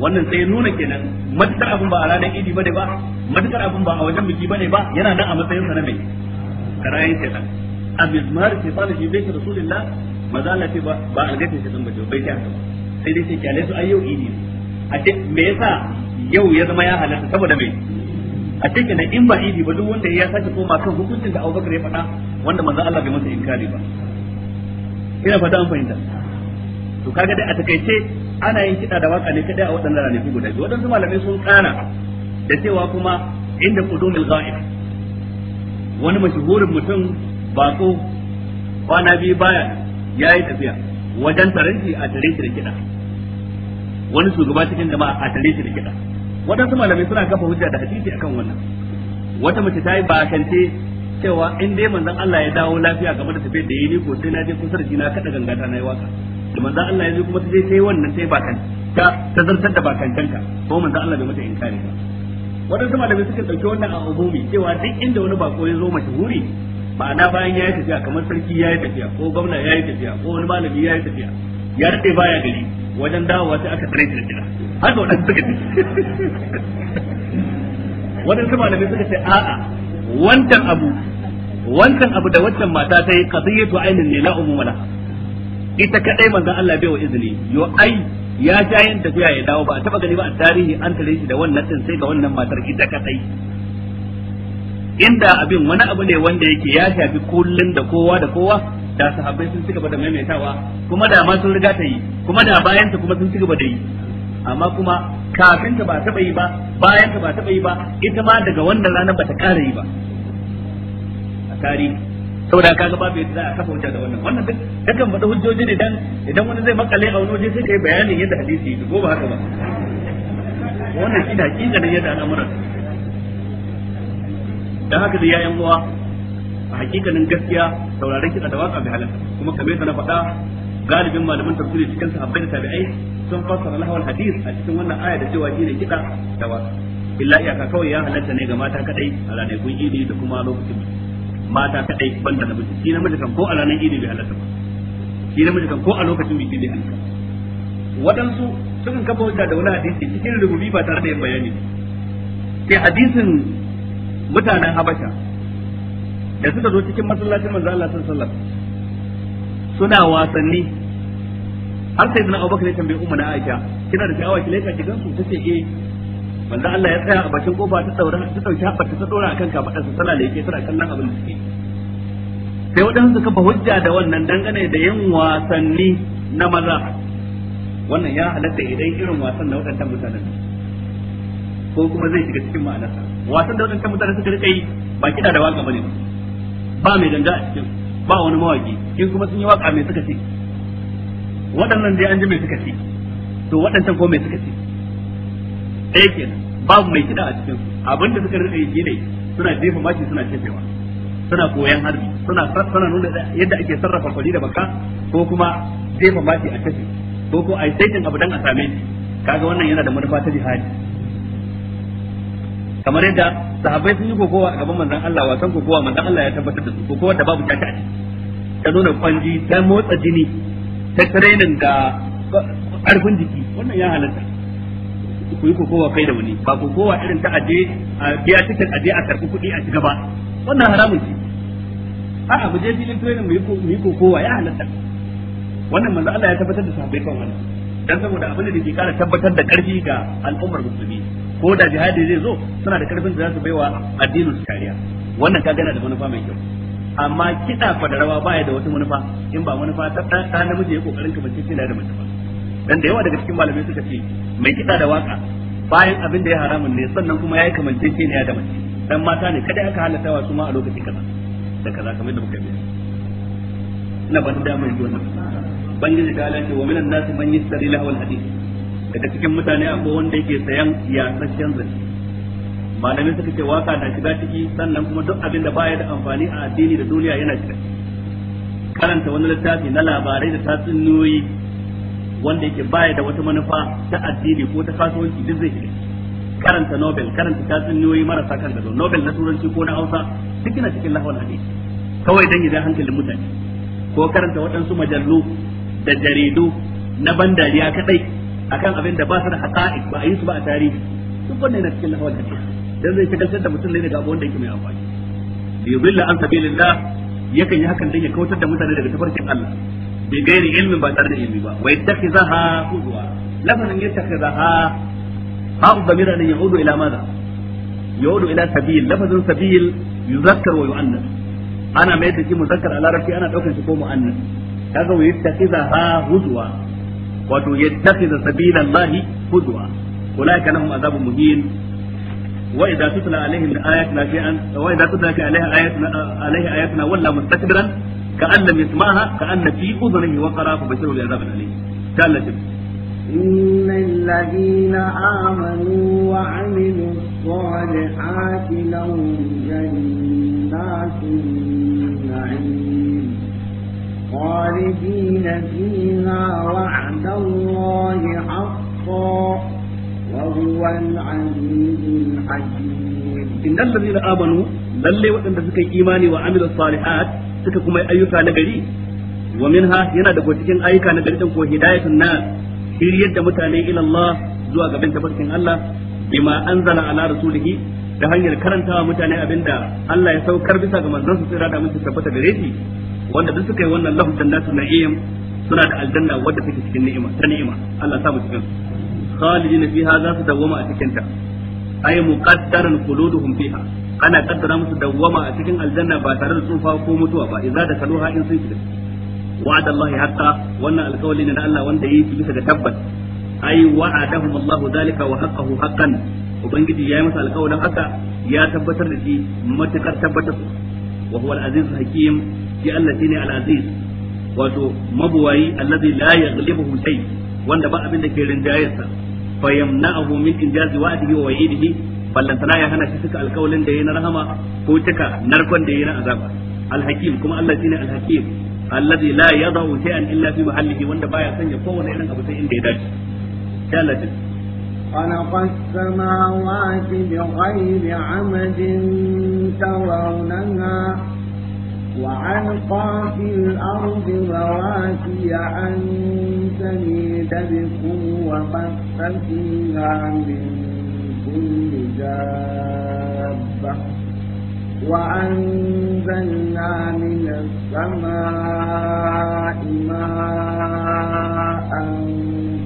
wannan sai nuna kenan matukar abin ba a ranar idi ba ne ba matukar abin ba a wajen biki ba ne ba yana nan a matsayin sa na mai ce shaitan a mizmar shaitan shi bai rasulullah maza Allah ce ba algaita shaitan ba bai ta haka sai dai sai kyale su ayyau idi a ce me yasa yau ya zama ya halatta saboda mai a take da in ba idi ba duk wanda ya sake koma kan hukuncin da Abubakar ya faɗa wanda manzo Allah bai masa inkari ba ina fata an fahimta to kaga dai a takaice ana yin kiɗa da waka ne kadai a waɗannan ranaku guda biyu waɗansu malamai sun ƙara da cewa kuma inda qudumul ghaib wani mashhurin mutum bako kwana biyu baya ya yi tafiya wajen taranci a tare shi da kiɗa wani shugaba cikin jama'a a tare shi da kiɗa waɗansu malamai suna kafa hujja da hadisi akan wannan wata mace ta yi bakance cewa in dai manzon Allah ya dawo lafiya game da tafiyar da yi ni ko sai na je kusa da shi na kada gangata na yi waka da manzon Allah ya zo kuma ta je sai wannan sai bakan ta ta zartar da ka, ko manzon Allah bai mata inkari ba waɗansu malamai suka ɗauki wannan a umumi cewa duk inda wani bako ya zo mashahuri ma'ana bayan ya yi tafiya kamar sarki ya yi tafiya ko gwamna ya yi tafiya ko wani malami ya yi tafiya ya daɗe baya gari wajen dawowa sai aka tsare shi da gida haka wadanda suka ce wadansu malamai suka ce a'a wancan abu wancan abu da wancan mata ta yi qadiyatu ainihin ne la umumala ita kadai manzon Allah bai wa izini yo ai ya ja yin tafiya ya dawo ba a taba gani ba a tarihi an tare shi da wannan din sai ga wannan matar ita kadai inda abin wani abu ne wanda yake ya shafi kullun da kowa da kowa da sahabbai sun cigaba da maimaitawa kuma da ma sun riga ta yi kuma da bayan ta kuma sun cigaba da yi amma kuma kafin ta ba taɓa yi ba bayan ta ba taɓa yi ba ita ma daga wannan ranar ba ta ƙara yi ba a tarihi saboda ga babu yadda za a kafa wuta da wannan wannan duk kakan faɗa hujjoji ne dan idan wani zai makale a wani waje sai kai bayanin yadda hadisi yake ko ba haka ba wannan shi da hakika ne yadda al'amuran dan haka da yayan uwa a hakikanin gaskiya sauraron kiɗa da waka bi halatta kuma kamar yadda na faɗa galibin malaman tafsiri cikin sahabbai da tabi'ai sun fassara lahawal hadis a cikin wannan aya da cewa shine kida da wa illa iyaka kawai ya halatta ne ga mata kadai a ranar kun idi da kuma lokacin mata kadai banda miji shi namiji kan ko a ranar idi bai halatta ba shi namiji kan ko a lokacin biki bai halatta waɗansu sukan kafa hujja da wani hadisi cikin rububi ba tare da yin bayani sai hadisin mutanen habasha da suka zo cikin masallacin manzo Allah sallallahu alaihi wasallam suna wasanni har sai na Abubakar ya tambaye Umma na Aisha kina da sha'awa ki leka su ta tace eh manzo Allah ya tsaya a bakin kofa ta daura ta dauki haɓar ta dora akan kafadar sa tana leke tana kallon abin da suke sai wadansu suka fa hujja da wannan dangane da yin wasanni na maza wannan ya halatta idan irin wasan na wadannan mutanen ko kuma zai shiga cikin ma'anarsa wasan da wadannan mutanen suka rika yi ba kida da waka bane ba mai ganga a cikin ba wani mawaki in kuma sun yi waka mai suka ce waɗannan dai an ji mai suka ce to waɗancan ko mai suka ce ɗaya babu mai kiɗa a cikin abin da suka rika yi ne suna jefa mashi suna cefewa suna koyan harbi suna suna nuna yadda ake sarrafa kwali da baka ko kuma jefa mashi a tafi ko ko a yi saitin abu don a same shi kaga wannan yana da manufa ta jihadi kamar yadda sahabbai sun yi kokowa a gaban manzon Allah wasan kokowa manzon Allah ya tabbatar da su kokowa da babu tata ta nuna kwanji ta motsa jini ta training ga karfin jiki wannan ya halatta ku yi kokowa kai da wani ba kokowa irin ta aje a biya tikin aje a karɓi kuɗi a shiga ba wannan haramun ce a'a mu je filin training mu yi kokowa ya halatta wannan manzon Allah ya tabbatar da sahabbai kan wannan dan saboda abin da ke kara tabbatar da karfi ga al'ummar musulmi ko da jihadi zai zo suna da karfin da za su baiwa addinin su kariya wannan ka gana da manufa mai kyau amma kiɗa fa da rawa baya da wata manufa in ba manufa ta ta namiji ya kokarin ka bace da mace ba dan da yawa daga cikin malamai suka ce mai kiɗa da waka bayan abin da ya haramun ne sannan kuma yayi kamance ce da mace dan mata ne kada aka halatta wa su ma a lokaci kaza da kaza kamar da muka bayani ina ba da mai ban bangiji ta alaƙi wa minan nasu man yastari lahawal hadith daga cikin mutane akwai wanda yake sayan yasasshen zance Malamin suka ce waka na shiga ciki sannan kuma duk abin da baya da amfani a addini da duniya yana shiga karanta wani littafi na labarai da tatsuniyoyi wanda yake baya da wata manufa ta addini ko ta kasuwanci duk zai shiga karanta nobel karanta tatsuniyoyi marasa kan gado nobel na turanci ko na hausa duk yana cikin lahawar hadisi kawai dan idan hankalin mutane ko karanta waɗansu majallu da jaridu na ban dariya kaɗai. akan abin da ba su da haqa'iq ba a yi su ba a tarihi duk wannan yana cikin lahawar hadisi dan zai shagaltar da mutum ne daga abu wanda yake mai amfani bi yudilla an sabilillah yakan yi hakan dan ya kautar da mutane daga tafarkin Allah bi gairi ilmin ba tare da ilmi ba wa yattakhizaha huzwa lafazin yattakhizaha ha'u damira ne yaudu ila madha yaudu ila sabil lafazin sabil yuzakkar wa yu'annas ana mai da shi muzakkar a larabci ana daukar shi ko mu'annas kaga wa yattakhizaha huzwa wato da sabila allahi hudwa ulaika lahum azabun muhin wa idza tutla alaihim ayatuna fi an wa idza tutla alaihim ayatuna alaihi ayatuna walla mustakbiran كأن لم يسمعها كأن في أذنه وقرا فبشره بعذاب أليم ثالثا إن الذين آمنوا وعملوا الصالحات لهم جنات النعيم خالدين فيها وعد الله حقا وهو العزيز الحكيم إن الذين آمنوا lalle waɗanda suka yi imani wa amilus salihat suka kuma yi ayyuka na gari wa minha yana da cikin ayyuka na gari ko hidayatun na shiryar da mutane ila Allah zuwa gaban tabarkin Allah bima anzala ala rasulihi da hanyar karantawa mutane abinda Allah ya saukar bisa ga manzon su tsira da mutum tabbata gare shi wanda duk suka yi wannan lahu na na'im suna da aljanna wadda take cikin ni'ima ta ni'ima Allah sa mu cikin khalidin fiha za su dawwama a cikin ta ay muqaddaran quluduhum fiha ana kaddara musu dawwama a cikin aljanna ba tare da tsufa ko mutuwa ba idza da kaluha in sun shiga wa'ada Allah haqqa wannan alƙawari ne na Allah wanda yake bisa ga tabbas ay wa'adahum Allah zalika wa haqqahu haqqan ubangiji yayi masa alƙawarin haka ya tabbatar da shi matakar tabbatar wa huwa al-aziz hakim shi Allah shine al-aziz wato mabuwayi allazi la yaghlibuhu shay wanda ba abin da ke rinjayarsa fa yamna'uhu min injazi wa'dihi wa wa'idihi ballantana ya hana shi suka alkawalin da yayi na rahama ko cika narkon da yayi na azaba Alhakim kuma Allah shine al-hakim allazi la yadau shay'an illa fi mahallihi wanda baya sanya kowane irin abu sai inda ya dace sai Allah خلق السماوات بغير عمد ترونها وعن في الأرض رواسي أن تميد بكم وبث فيها من كل دابة وأنزلنا من السماء ماء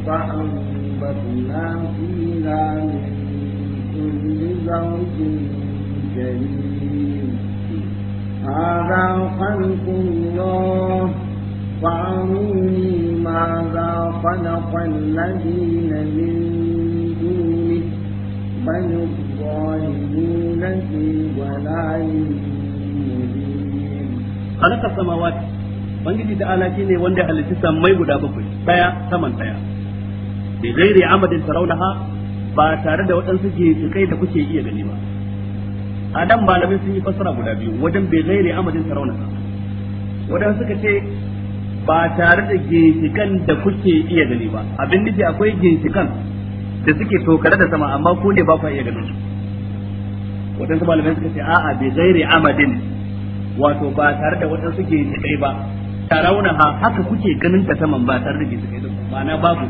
فأنبتنا فيها من كل زوج كريم خلق الله فأروني ماذا خلق الذين من دونه بل الظالمون في ضلال خلق السماوات Bangiji da ala ne wanda halitta sammai guda bakwai daya saman daya bi ghairi amadin tarawnaha ba tare da waɗansu ginshikai da kuke iya gani ba a dan sun yi fassara guda biyu wajen bai gaire amadin tarawnaha wadanda suka ce ba tare da ginshikan da kuke iya gani ba abin nufi akwai ginshikan da suke tokare da sama amma ku ne ba ku iya ganin su malamai suka ce a'a bi ghairi amadin wato ba tare da wadansu ginshikai ba rauna ha haka kuke ganin ta saman ba tare da ginshikai ba ma'ana babu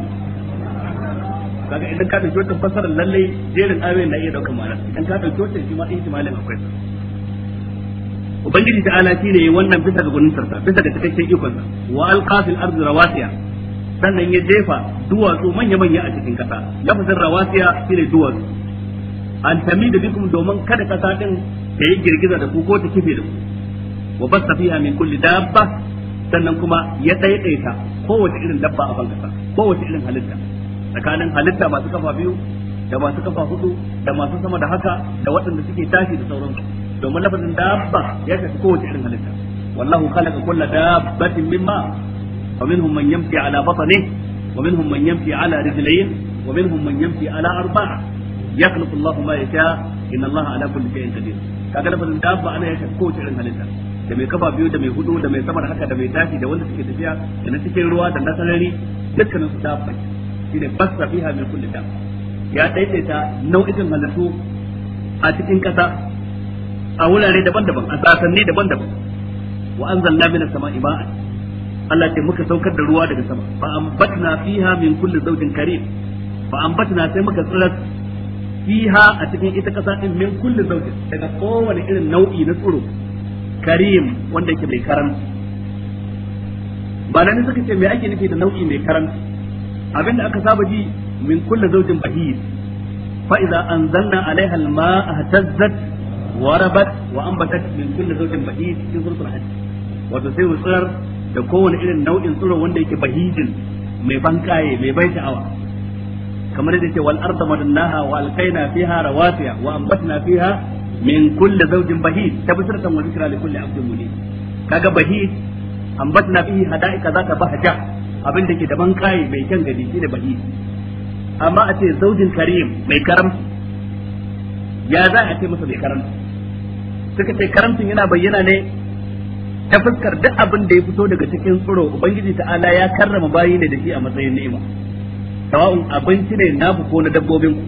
kaga idan ka dauki wata fasarar lallai jerin ayoyin na iya daukar ma'ana idan ka dauki wata shi ma ihtimalin akwai ubangiji ta ala ne wannan bisa ga gunin sarsa bisa ga cikakken ikon sa wa alqafil ard rawasiya sannan ya jefa duwatsu manya manya a cikin kasa fasar rawasiya shine duwatsu an da bikum domin kada kasa din ta yi girgiza da ku ko ta kife da ku wa basta fiha min kulli dabba sannan kuma ya daidaita kowace irin dabba a bangasa kowace irin halitta tsakanin halitta masu kafa biyu da masu kafa hudu da masu sama da haka da waɗanda suke tashi da sauransu domin lafazin dabba ya shafi kowace irin halitta wallahu khalaqa kulla dabbatin mimma wa minhum man yamshi ala batnihi wa minhum man yamshi ala rijlayn wa minhum man yamshi ala arba'a yakhluqu Allahu ma yasha inna Allaha ala kulli shay'in qadir kaga lafazin dabba ana ya shafi kowace irin halitta da mai kafa biyu da mai hudu da mai sama da haka da mai tashi da wanda suke tafiya da na cikin ruwa da na sarari dukkanin su dabba shine basta fiha min kulli dabba ya daidaita nau'ikan halittu a cikin kasa a wurare daban-daban a sasanni daban-daban wa anzalna minas sama'i ma'an Allah ce muka saukar da ruwa daga sama fa ambatna fiha min kulli zawjin karim fa ambatna sai muka tsirar fiha a cikin ita kasa din min kulli zawjin daga kowane irin nau'i na tsiro karim wanda yake mai karanci ba nan suka ce me ake nufi da nau'i mai karanci abinda aka saba ji min kulli zawjin bahir fa idza anzalna alaiha al-ma'a tazzat warabat wa ambatat min kulli zawjin bahij cikin suratul wato sai wutsar da kowane irin nau'in tsiro wanda yake bahijin mai bankaye mai bai sha'awa kamar yadda ce wal arda madannaha wa alqaina fiha rawasiya wa ambatna fiha min kulli zawjin bahij tabsiratan wa dhikra li kulli abin da ke da bankaye mai kyan gani shine bahi. amma a ce zaujin karim mai karamci ya za a ce masa mai karamci suka ce karamcin yana bayyana ne ta fuskar duk abin da ya fito daga cikin tsiro ubangiji ta'ala ya karrama bayi ne da shi a matsayin ni'ima sawa'un abinci ne na ko na dabbobin ku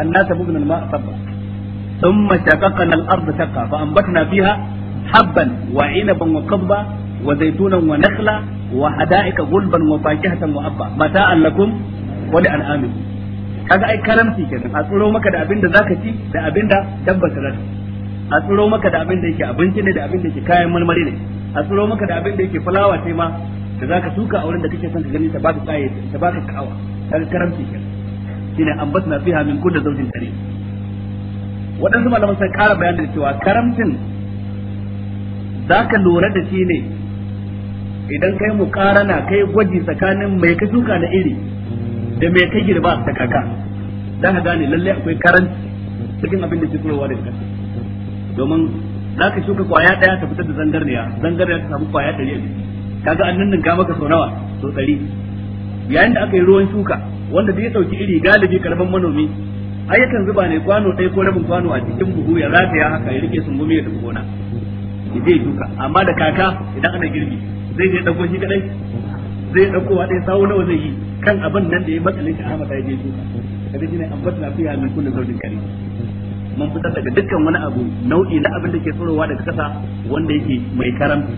anna tabugna al-ma'a sabba thumma shaqaqna al-ardha shaqqa fa na fiha habban wa 'inaban wa qadba wa zaitunan wa nakhla wa hada'ika gulban wa fakihatan wa abba mata'an lakum wa li an'amikum kaga ai karamci kenan a tsiro maka da abinda zaka ci da abinda dabbar ta a tsiro maka da abin da yake abinci ne da abin da yake kayan marmari ne a tsiro maka da abin da yake fulawa ce ma da zaka suka a wurin da kake son ka gani ta baka kaye ta baka ka'awa kaga karamci ke shine ambatna fiha min kulli zawjin karim waɗansu malaman sai ƙara bayanin cewa karamcin zaka lura da shi ne idan kai mu karana kai gwaji tsakanin mai ka shuka na iri da mai ka girba da kaka dan ka gane lalle akwai karanci cikin abin da ke tsirowa da kasa domin za ka shuka kwaya daya ta fitar da zangarniya zangarniya ta samu kwaya ɗari a jiki kaga an nan ga maka sau nawa yayin da aka yi ruwan shuka wanda zai ya ɗauki iri galibi karban manomi ayyukan zuba ne kwano ɗaya ko rabin kwano a cikin buhu ya ya haka ya rike sungumi ya tafi gona zai duka amma da kaka idan ana girbi zai je dauko shi kadai zai dauko wa dai sawo nawa zai yi kan abin nan da ya matsalin shi Ahmad ya je duka kaga shine ambata lafiya min kullu zawjin kare. mun fitar daga dukkan wani abu nau'i na abin da ke tsorowa daga kasa wanda yake mai karamci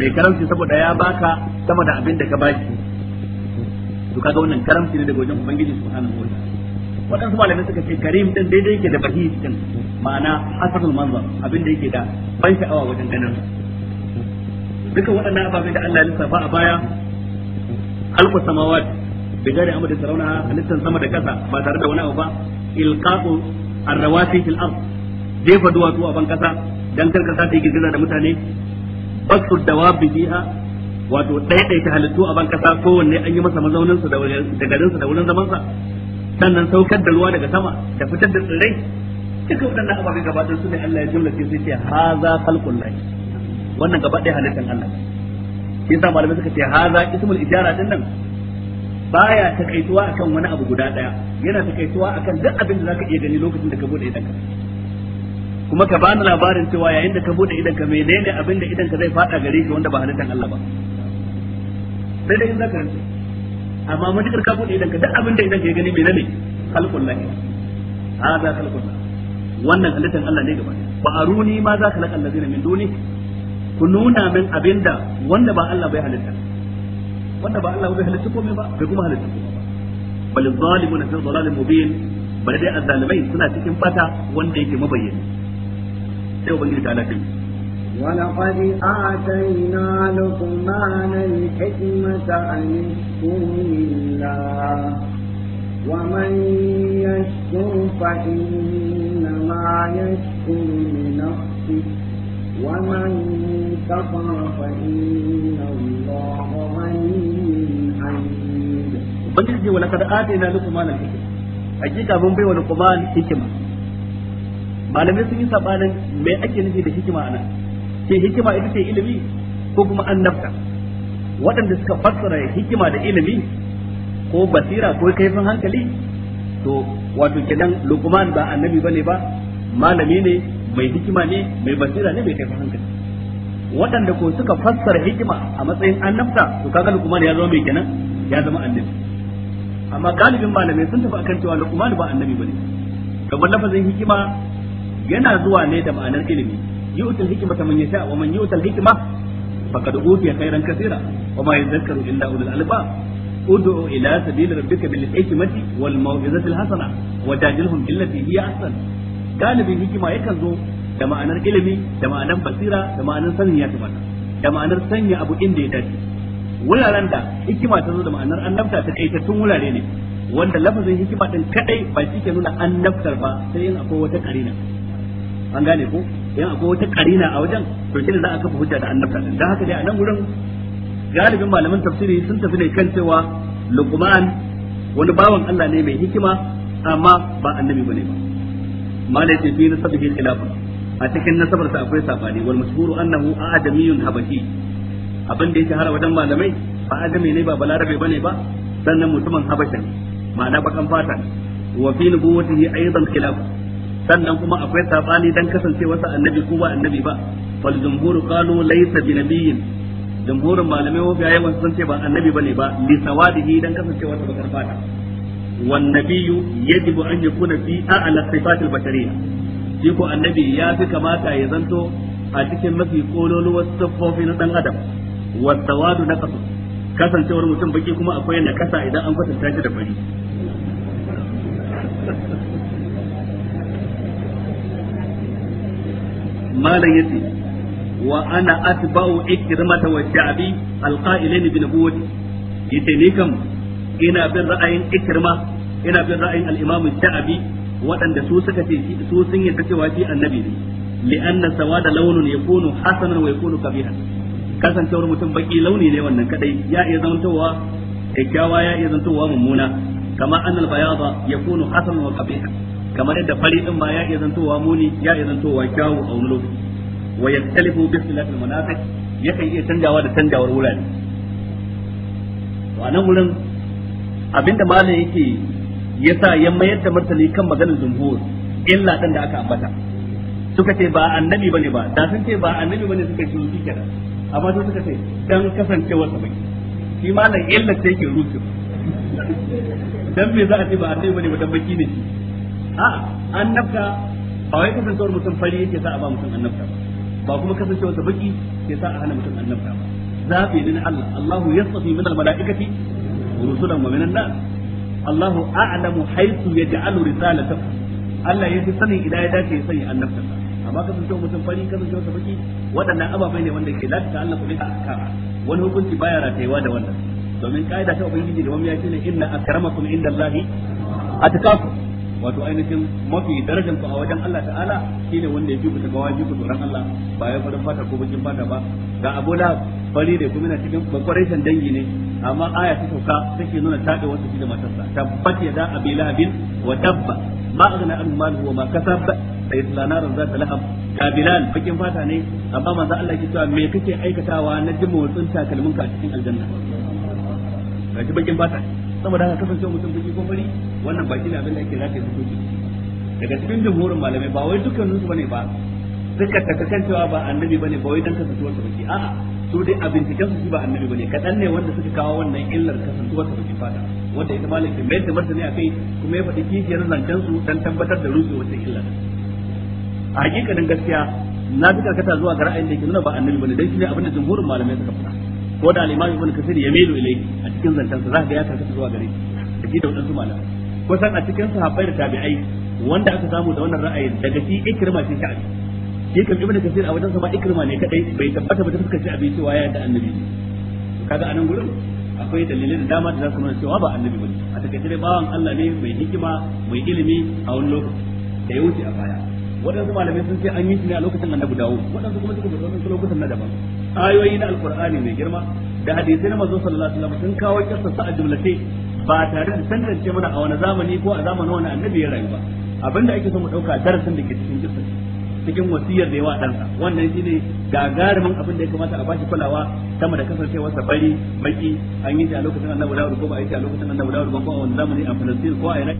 bai karamci saboda ya baka sama da abin da ka baki to kaga wannan karamci ne daga wajen ubangiji subhanahu wa ta'ala waɗansu malamai suka ce karim din daidai yake da bahi din ma'ana hasanul manzar abin da yake da ban sha'awa wajen ganin Dukkan waɗannan ababai da Allah ya lissafa a baya alqa samawat bigari amma da sarauna halittar sama da kasa ba tare da wani abu ba ilqa'u arrawasi fil ard jefa duwatsu a ban kasa dan kasa ta yi girgiza da mutane basu dawabi biha wato daidaita halittu a ban kasa kowanne an yi masa mazaunin su da garin da wurin zaman sa sannan saukar da ruwa daga sama da fitar da tsirrai duka waɗannan ababen gaba su ne Allah ya jumla sai ce haza khalqul wannan halittar Allah malamai haza ismul ijara din nan baya takaituwa akan wani abu guda daya yana takaituwa akan duk abin da zaka iya gani lokacin da ka bude idanka kuma ka bani labarin cewa yayin da ka bude idanka menene abin da idanka zai fada gare shi wanda ba halittar Allah ba sai dai in zaka rantsa amma matukar ka bude idanka duk abin da idanka ya gani menene khalqul lahi hada khalqul wannan halittar Allah ne gaba ba aruni ma za ka laka min duni ku nuna min abinda wanda ba Allah bai halitta wanda ba Allah bai halitta komai ba bai kuma halitta bal zalimuna fi dhalalin mubin bal dai azzalimai suna cikin fata wanda yake mabayyana sai ubangiji ta alaka ولقد آتينا لقمان الحكمة أن اشكر لله ومن يشكر فإنما يشكر لنفسه ومن كفر فإن الله غني حميد ubangiji wala kada adina luqman al-hikma hakika mun baiwa hikima malamai sun yi sabanin me ake nufi da hikima anan ce hikima ita ce ilimi ko kuma annabta waɗanda suka fassara hikima da ilimi ko basira ko kaifin hankali to wato kenan luqman ba annabi bane ba malami ne mai hikima ne mai basira ne mai kaifin hankali waɗanda ko suka fassara hikima a matsayin annabta to kaga Luqman ya zama mai kenan ya zama annabi amma galibin malamai sun tafi akan cewa Luqman ba annabi bane kamar lafazin hikima yana zuwa ne da ma'anar ilimi yu'tul ta man yasha wa man yu'tal hikma faqad utiya khairan kasira. wa ma yadhakkaru illa ulul albab ud'u ila sabili rabbika bil hikmati wal maw'izati al hasana wa jadilhum billati hiya ahsan galibin hikima yakan zo da ma'anar ilimi da ma'anar basira da ma'anar sanin ya kamata da ma'anar sanya abu inda ya dace wuraren da hikima ta zo da ma'anar annabta ta tun wurare ne wanda lafazin hikima din kadai ba shi ke nuna annabtar ba sai yin akwai wata karina an gane ko yan akwai wata karina a wajen to kin za a kafa hujja da annabta din dan haka dai a nan gurin galibin malaman tafsiri sun tafi ne kan cewa Luqman wani bawan Allah ne mai hikima amma ba annabi bane ba mala yace fi nasabihi khilaf a cikin nasabar sa akwai sabani wal masburu annahu adamiyun habashi abin da yake har wajen malamai ba adami ne ba balarabe bane ba sannan mutumin habashin ma'ana bakan fata wa fi nubuwatihi aidan khilaf sannan kuma akwai sabani dan sa annabi ko ba annabi ba fal jumhuru qalu laysa bi nabiyyin jumhurin malamai wa yayin sun ce ba annabi bane ba li sawadihi dan sa bakan fata والنبي يجب أن يكون في أعلى الصفات البشرية يكو النبي يا فيك ما تايزنتو أتكن ما في قولوا والصفو في نتن أدم والسواد نقص كسن تور متن بكي كما أكوين نكسا إذا أنكت التاجد بني ما لا يتي وأنا أتبع إكرمة والشعبي القائلين بنبوتي يتنيكم ina bin ra'ayin ikrima ina bin ra'ayin sha'abi waɗanda su suka ce su sun yarda cewa shi annabi ne li'anna sawada launun yakunu hasanan wa yakunu kasancewar mutum baki launi ne wannan kadai ya iya zantowa kyakkyawa ya iya zantowa mummuna kama annal bayada yakunu hasanan wa qabihan kamar yadda fari din ba ya iya zantowa muni ya iya zantowa kyawu a wani lokaci wa bi munafiq yakan iya canjawa da canjawar wurare anan wurin abinda malam yake yasa ya mayar da martani kan maganar jumhur illa dan da aka ambata suka ce ba annabi bane ba da sun ce ba annabi bane suka ce shi kenan amma to suka ce dan kasancewar sa bai shi malam illa sai yake rusu dan me za a ce ba annabi bane ba dan baki ne shi a annabta ba wai kasancewar mutum fari yake sa a ba mutum annabta ba kuma kasancewar sa baki ke sa a hana mutum annabta ba zabi na Allah Allahu yasfi min al-mala'ikati rusulan wa minan nas Allahu a'lamu haythu yaj'alu risalatahu Allah yafi sanin idan ya dace ya sanya annabtarsa amma kasancewa mutum fari kasancewa ta baki waɗannan ababai ne wanda ke lafiya Allah kuma a kara wani hukunci baya ratayewa da wannan domin kaida ta ubangiji da mamiya shine inna akramakum indallahi atqakum wato ainihin mafi darajar ku a wajen Allah ta'ala shine wanda ya fi ku tabawa ku Allah ba ya farin fata ko bakin fata ba ga Abu Lahab fari da kuma yana cikin bakwarishan dangi ne amma aya ta sauka take nuna tabe wasu shi da matarsa tabbat ya da abi wa tabba ma an ma kasab sai za ta lahab fakin fata ne amma manzo Allah ya cewa me kake aikatawa na motsin takalmin ka cikin aljanna ji bakin fata saboda haka kasance mutum ko fari wannan baki ne abin da yake zaka yi daga cikin jumhurin malamai ba wai dukkan su bane ba ba annabi bane ba wai dan kasantuwar sa a'a su dai a binciken su ba annabi bane kadan ne wanda suka kawo wannan illar kasantuwar ta baki fata wanda ita malam ke mai da martani kai kuma ya faɗi kishiyar zancen su dan tabbatar da rufe wata illar a hakikanin gaskiya na fi karkata zuwa ga ra'ayin da ke nuna ba annabi bane dan ne abin da jumhurin malamai suka faɗa ko da alimami imam ibn kasir ya melo ilai a cikin zancen za ka ga ya karkata zuwa gare shi da shi da wadansu malamai kusan a cikin sahabbai da tabi'ai wanda aka samu da wannan ra'ayin daga shi ikirma shi sha'abi shi kan ibnu kasir a wajen sa ba ikrima ne kadai bai tabbata ba ta fuskar shi abin cewa ya da annabi kaga anan gurin akwai dalilai da dama da za su nuna cewa ba annabi bane a takaice dai bawan Allah ne mai hikima mai ilimi a wani lokaci da ya wuce a baya waɗansu malamai sun ce an yi shi ne a lokacin annabi dawo waɗansu kuma suka fito sun lokacin na daban ayoyi na alqur'ani mai girma da hadisi na manzo sallallahu alaihi wasallam sun kawo kissa sa a ba tare da tantance mana a wani zamani ko a zamanin wani annabi ya rayu ba abinda ake so mu dauka darasin da ke cikin kissa cikin wasiyar da yawa ɗansa wannan ne gagarumin abin da ya kamata a bashi kulawa sama da kasancewar sa bari maki an yi shi a lokacin annabi da ba a yi a lokacin annabi da rububa a wani zamani a Falastin ko a Iraq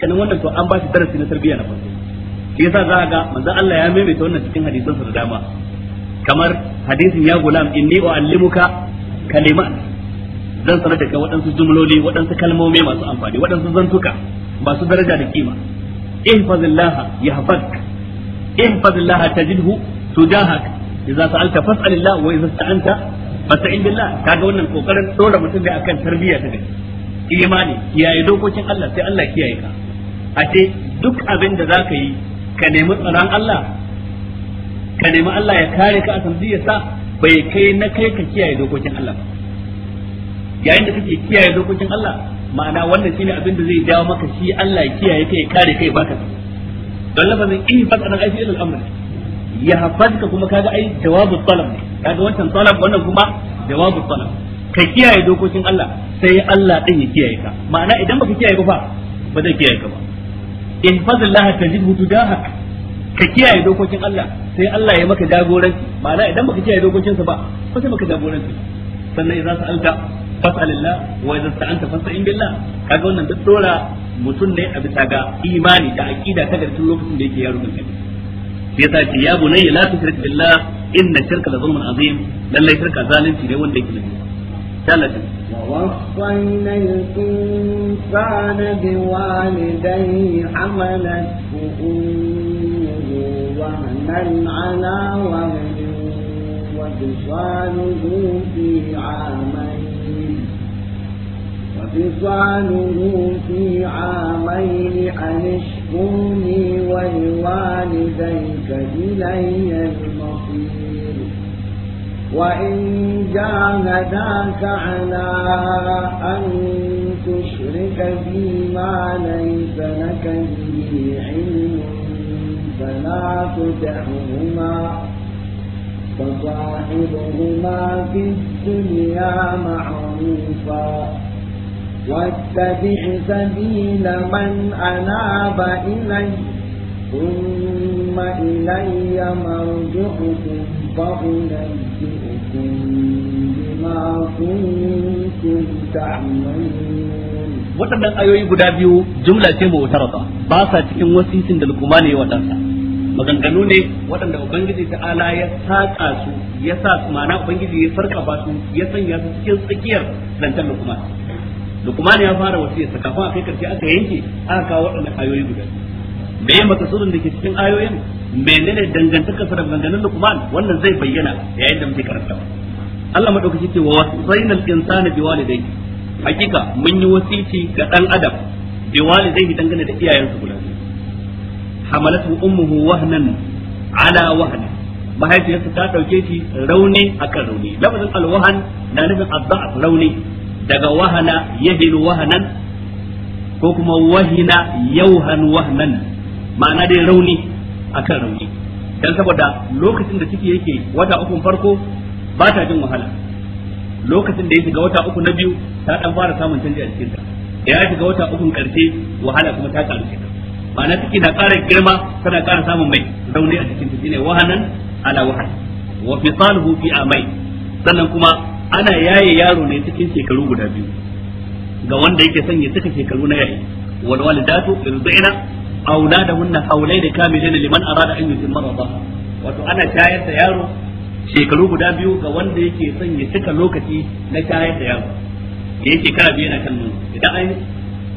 kenan wannan to an ba shi darasi na tarbiyya na farko shi yasa za a ga manzon Allah ya maimaita wannan cikin hadisan sa da dama kamar hadisin ya gulam inni uallimuka kalimat zan sanar da kai waɗansu jumloli waɗansu kalmomi masu amfani waɗansu zantuka masu daraja da kima ihfazillah yahfazka ihfazillah tajidhu tujahaka idza sa'alta fas'alillah wa idza sta'anta fasta'in billah kaga wannan kokarin dora mutum ne akan tarbiyya ta gari imani kiyaye dokokin Allah sai Allah kiyaye ka a ce duk abin da zaka yi ka nemi tsaron Allah ka nemi Allah ya kare ka a sa bai kai na kai ka kiyaye dokokin Allah ba yayin da kake kiyaye dokokin Allah ma'ana wannan shine abin da zai dawo maka shi Allah ya kiyaye kai kare kai baka don lafazin in fa kana aiki ilal amr ya hafazka kuma kaga ai jawabu talab kaga wancan talab wannan kuma jawabu talab ka kiyaye dokokin Allah sai Allah din ya kiyaye ka ma'ana idan baka kiyaye ba ba zai kiyaye ka ba ihfazillah tajidhu tudahak ka kiyaye dokokin Allah sai Allah ya maka jagoranci ma'ana idan baka kiyaye dokokin sa ba ba sai maka jagoranci sannan idan sa'alta fas'alillah wa idan sa'anta fas'in billah kaga wannan duk dora mutum ne a bisa ga imani da aqida ta garin lokacin da yake yaro kan kai yasa ce ya bunayya la tushrik billah inna shirka la zulmun azim lallai shirka zalunci ne wanda yake zalunci ووصينا الإنسان بوالديه حملته أمه وهنا على وهن وفصاله في عامين وفصاله في عامين أن اشكر لي ولوالديك إلي المصير وإن جاهداك على أن تشرك بما ليس لك به علم فلا تدعهما فصاحبهما في الدنيا معروفا واتبع سبيل من أناب إلي ثم إلي مرجعكم فأنبئكم بما waɗannan ayoyi guda biyu jumla ce mu'tarata ba sa cikin wasisin da kuma ne wadansa maganganu ne waɗanda ubangiji ta ala ya saƙa su ya sa su ma'ana ubangiji ya sarƙafa su ya sanya su cikin tsakiyar lukuma. Lukuma ne ya fara wasiyarsa kafin a kai karshe aka yanke aka kawo waɗannan ayoyi guda biyu me ya makasudin da ke cikin ayoyin menene dangantakar sa da maganganun lukman? wannan zai bayyana yayin da muke karanta Allah madaukaki ce wa wasaina al-insana biwalidayhi hakika mun yi wasiti ga dan adam biwalidayhi dangane da iyayensa guda hamalatu ummuhu wahnan ala wahn mahaifiyarsa ta dauke shi rauni akan rauni lafazin alwahan na nufin adda'af rauni daga wahana yahinu wahnan ko kuma wahina yauhan wahnan ma'ana dai rauni akan rauni dan saboda lokacin da ciki yake wata uku farko ba ta jin wahala lokacin da ya shiga wata uku na biyu ta dan fara samun canji a cikinta ya shiga wata uku karshe wahala kuma ta karu kenan ma'ana ciki na ƙara girma tana ƙara samun mai rauni a cikin ciki ne wahanan ala wahan wa fisaluhu fi amai sannan kuma ana yaye yaro ne cikin shekaru guda biyu ga wanda yake son ya cika shekaru na yayi wal walidatu yurdina auladahunna haulaini kamilina liman arada an yutimma ridaha wato ana shayar da yaro shekaru guda biyu ga wanda yake son ya cika lokaci na shayar da yaro ya yi shekara biyu yana kan nono idan an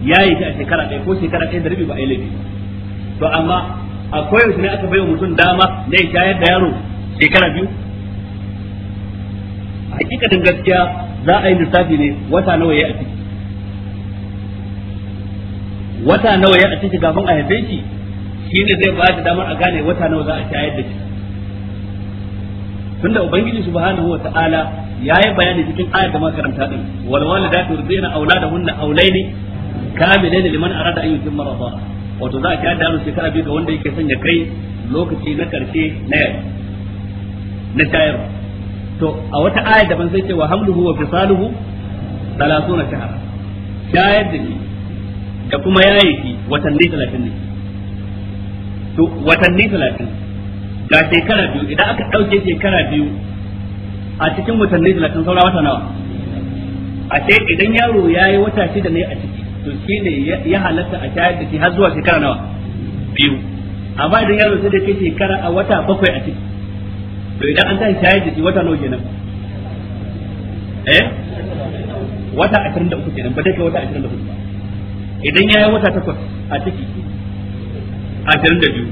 yayi shi a shekara ɗaya ko shekara ɗaya da rabi ba a yi laifi to amma a koyaushe ne aka baiwa mutum dama na ya shayar da yaro shekara biyu a hakikatin gaskiya za a yi lissafi ne wata nawa ya a ciki wata nawa ya ci kafin a haife shi ne zai ba da damar a gane wata nawa za a shayar da shi tunda ubangiji subhanahu wa ta'ala yayi bayani cikin ayat da makaranta din wal walidatu yurdina auladahunna aulaini kamilaini liman arada an yutimma rida'a wato za a shayar da shekara biyu ga wanda yake sanya kai lokaci na karshe na yau na shayar to a wata ayat daban sai ce wa hamluhu wa fisaluhu 30 shahara shayar da shi da kuma yaye shi watanni talatin ne to watanni talatin ga shekara biyu idan aka ɗauke shekara biyu a cikin watanni talatin saura wata nawa a ce idan yaro ya yi wata shida ne a ciki to shi ne ya halatta a shayar da shi har zuwa shekara nawa biyu amma idan yaro sai da ke shekara a wata bakwai a ciki to idan an tashi shayar da shi wata nawa kenan eh wata 23 kenan ba dai kai wata 23 ba idan ya yi wata takwas a ciki ashirin da biyu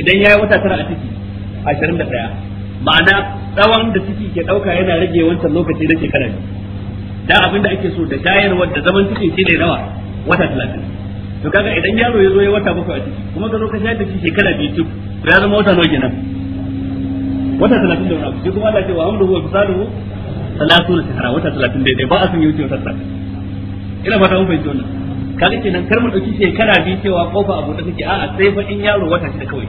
idan ya yi wata tara a ciki ashirin da ɗaya ma'ana tsawon da ciki ke ɗauka yana rage wancan lokaci da shekara biyu da abinda ake so da shayarwar da zaman ciki shi ne nawa wata talatin to kaga idan yaro ya zo ya wata bakwai a ciki kuma ka zo ka shayar da shi shekara biyu cik to ya zama wata nawa kenan wata talatin da wani abu shi kuma Allah ce wa hamduhu wa bisaluhu salatu da shekara wata talatin da ba a sun yi wuce wata talatin ina fata mun fahimci wannan kaga kenan kar mu dauki shekara biyu cewa kofa abu da kake a'a sai fa in yaro wata shida kawai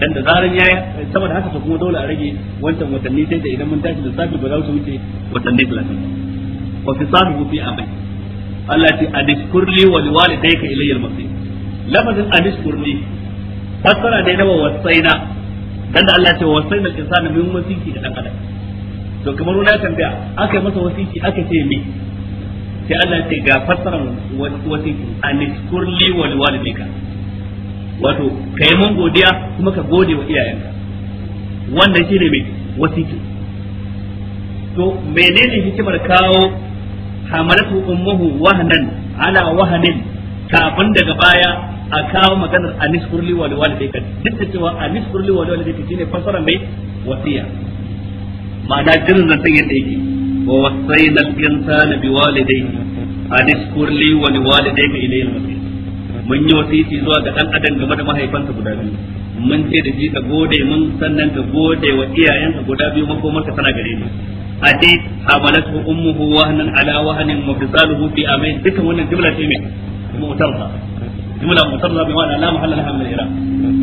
dan da zaran yayi saboda haka kuma dole a rage wancan watanni sai da idan mun tashi da safi ba za su wuce watanni 30 wa fi sahibu fi amai Allah ce adiskurli wa liwalidayka ilayya al-masir lafazin adiskurli fassara dai na wasaina dan da Allah ce wasaina al-insana min wasiki da dan adam to kamar wani tambaya aka yi masa wasiki aka ce me sai Allah ce ga fasaran wasi aniskur li wa liwalidika wato kai mun godiya kuma ka gode wa iyayenka wannan shine mai wasiki to menene hikimar kawo hamalatu ummuhu wahnan ala wahnin kafin daga baya a kawo maganar anis kurli wa liwalidayka duk da cewa anis kurli wa liwalidayka shine fasara mai wasiya ma'ana jirin zantan yadda yake ووصينا الإنسان بوالديه أن اشكر لي ولوالديك إلي المصير mun yi wasiti zuwa ga dan adam game da mahaifansa guda biyu mun ce da shi ka gode mun sannan ka gode wa iyayensa guda biyu makomarka tana gare ni adi hamalatu ummuhu wahnan ala wahnin wa fisaluhu fi amain dukan wannan jumla ce mai jumla mutarra bi ma'ana la mahalla laha min al-i'rab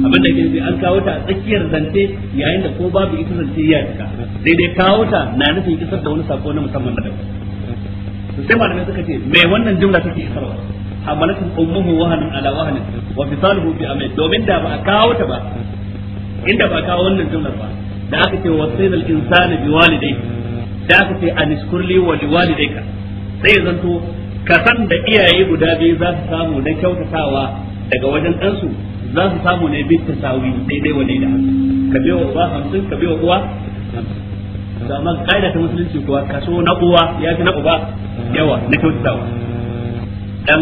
abin da yake an kawo ta a tsakiyar zance yayin da ko babu ita zance ya cika daidai kawo ta na nufin isar da wani sako na musamman da daban sai malamai suka ce me wannan jumla take isarwa hamalatu ummuhu wahanan ala wahanin wa fisaluhu bi amay domin da ba a kawo ta ba inda ba kawo wannan jumlar ba da aka ce wasail al insana bi walidayhi da aka ce an iskurli wa li ka sai zanto kasan da iyaye guda biyu za su samu na kyautatawa daga wajen ɗansu za su samu ne bin tasawi dai wani da hannu. ka biyo uba hamsin ka biyo uwa hamsin amma ƙa'ida ta musulunci kuwa kaso na uwa ya fi na uba yawa na kyautatawa dan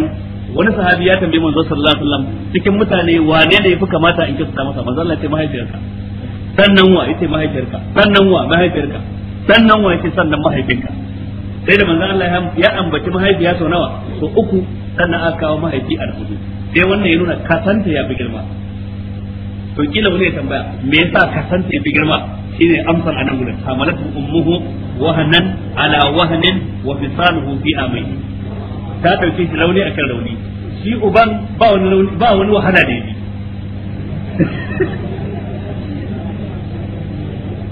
wani sahabi ya tambayi manzo sallallahu alaihi wasallam cikin mutane wane ne yafi kamata in kyautata masa manzo Allah ya mahaifiyarka sannan wa yace mahaifiyarka sannan wa mahaifiyarka sannan wa yace sannan mahaifinka sai da manzon Allah ya ambaci mahaifiya sau nawa sau uku sannan aka kawo mahaifi a hudu sai wannan ya nuna kasanta ya fi girma to kila wani ya tambaya me yasa kasanta ya fi girma shine amsar anan gurin hamalatu ummuhu wahanan ala wahanin wa fisaluhu fi amai ta dauke shi rauni akan rauni shi uban ba wani rauni ba wani wahala da yake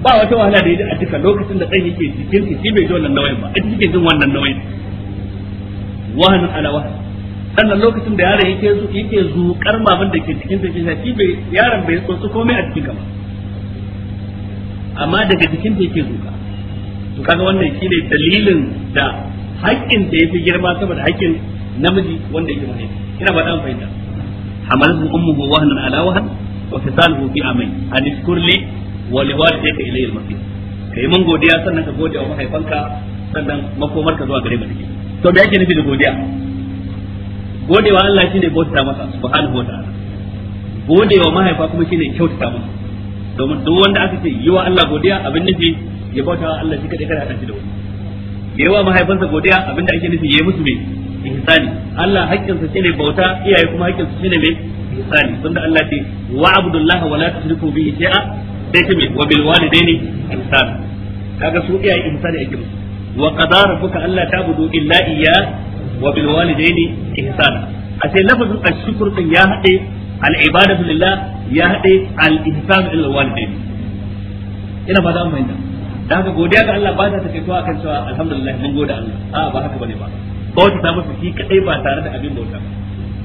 ba wata wahala da yaji a cikin lokacin da ɗan yake cikin shi bai ji wannan nauyin ba a cikin jin wannan nauyin wahanin ala wahan sannan lokacin da yaron yake zu yake zuƙar maman da ke cikin ta shi bai yaron bai tsotsi komai a cikin gaba amma daga jikin ta yake zuƙa to kaga wannan shine dalilin da haƙƙin da yafi girma saboda haƙƙin namiji wanda yake mai ina ba dan fahimta hamalatu ummuhu wahnan ala wahn wa fisaluhu fi amay an iskur wa ka ilayhi mafi ka yi mun godiya sannan ka gode wa mahaifanka sannan makomar ka zuwa gare mu jiki, to me yake nufi da godiya godewa Allah shine bauta masa subhanahu wa ta'ala godewa mahaifa kuma shine kyautata masa domin duk wanda aka ce yi wa Allah godiya abin nufi ya bauta wa Allah shi kadai kada hada shi da wani yawa mahaifansa godiya abin da ake nufi yayi musu me ihsani Allah haƙƙinsa shine bauta iyaye kuma haƙƙinsa shine me ihsani tunda Allah ce wa abdullahi wala tusriku bihi shay'a sai ta me wa bil walidaini ihsan kaga su iyaye ihsani ake musu wa qadara rabbuka alla ta'budu illa iyya wa bil walidaini ihsana a sai lafazin ashkur din ya hade al ibadatu lillah ya hade al ihsan ila walidaini ina ba za mu fahimta da haka godiya ga Allah ba ta take to akan cewa alhamdulillah mun gode Allah a ba haka bane ba ba wata ta masa shi kadai ba tare da abin bauta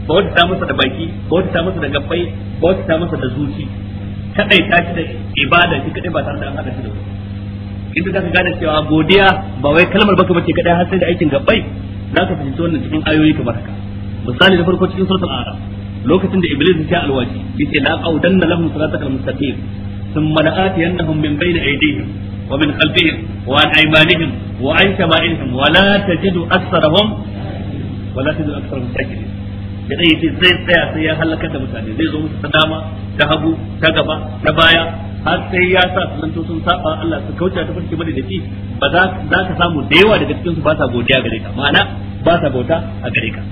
ba wata ta masa da baki ba wata ta masa da gabbai ba wata ta masa da zuci kadai ta shi da ibada shi kadai ba tare da an hada shi da wani idan ka gane cewa godiya ba wai kalmar baka bace kadai har sai da aikin gabbai za ka fahimci wannan cikin ayoyi kamar haka misali da farko cikin suratul a'raf lokacin da iblis ya alwaji yace la qaudanna lahum salatakal mustaqim thumma la'atiyannahum min bayni aydihim wa min khalfihim wa an aymanihim wa an shama'ihim wa la tajidu aktharahum wa la tajidu aktharahum shakirin da zai zai tsaya sai ya halakar da mutane zai zo musu ta dama ta hagu ta gaba ta baya har sai ya sa su zanto sun saba Allah su kauce ta farki bane da shi ba za ka samu da yawa daga cikin su ba sa godiya gare ka ma'ana ba sa bauta a gare ka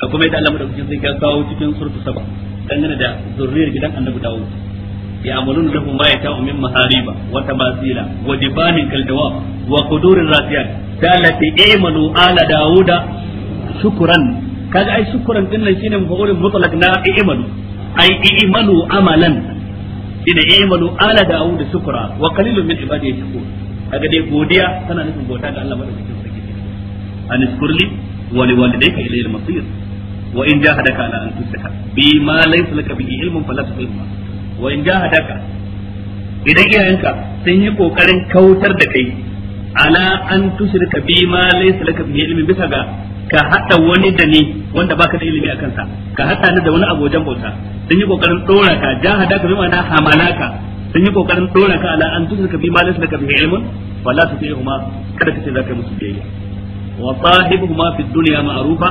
ka kuma yadda Allah madaukakin zai ya kawo cikin surtu saba dangane da zurriyar gidan Annabi Dawud ya amalun lahum ma yata'u min mahariba wa tamasila wa jibanin kaldawa wa qudurir rasiyat ta imanu ala Dawuda. shukuran kaga ai shukuran din nan shine mafa'ulun mutlaq na i'malu ai i'malu amalan ina i'malu ala da da shukura wa qalilun min ibadi yashkur kaga dai godiya tana nufin godiya ga Allah madaukakin sarki an shkurli wa ila al masir wa in jahadaka ala an tusaka bi ma laysa laka bihi ilmun fala tuqilma wa in jahadaka idan iyayenka sun yi kokarin kautar da kai ala an tusirka bi ma laysa laka bihi ilmin bisa ga ka hada wani da ni wanda baka da ilimi akan sa ka hada ni da wani abojan bauta sun yi kokarin dora ka jahada ka bi na hamalaka sun yi kokarin dora ka ala an ka bi malis da ka bi ilmun wala su ce huma kada ka ce zaka musu biyayya wa sahibuhuma fi dunya ma'rufa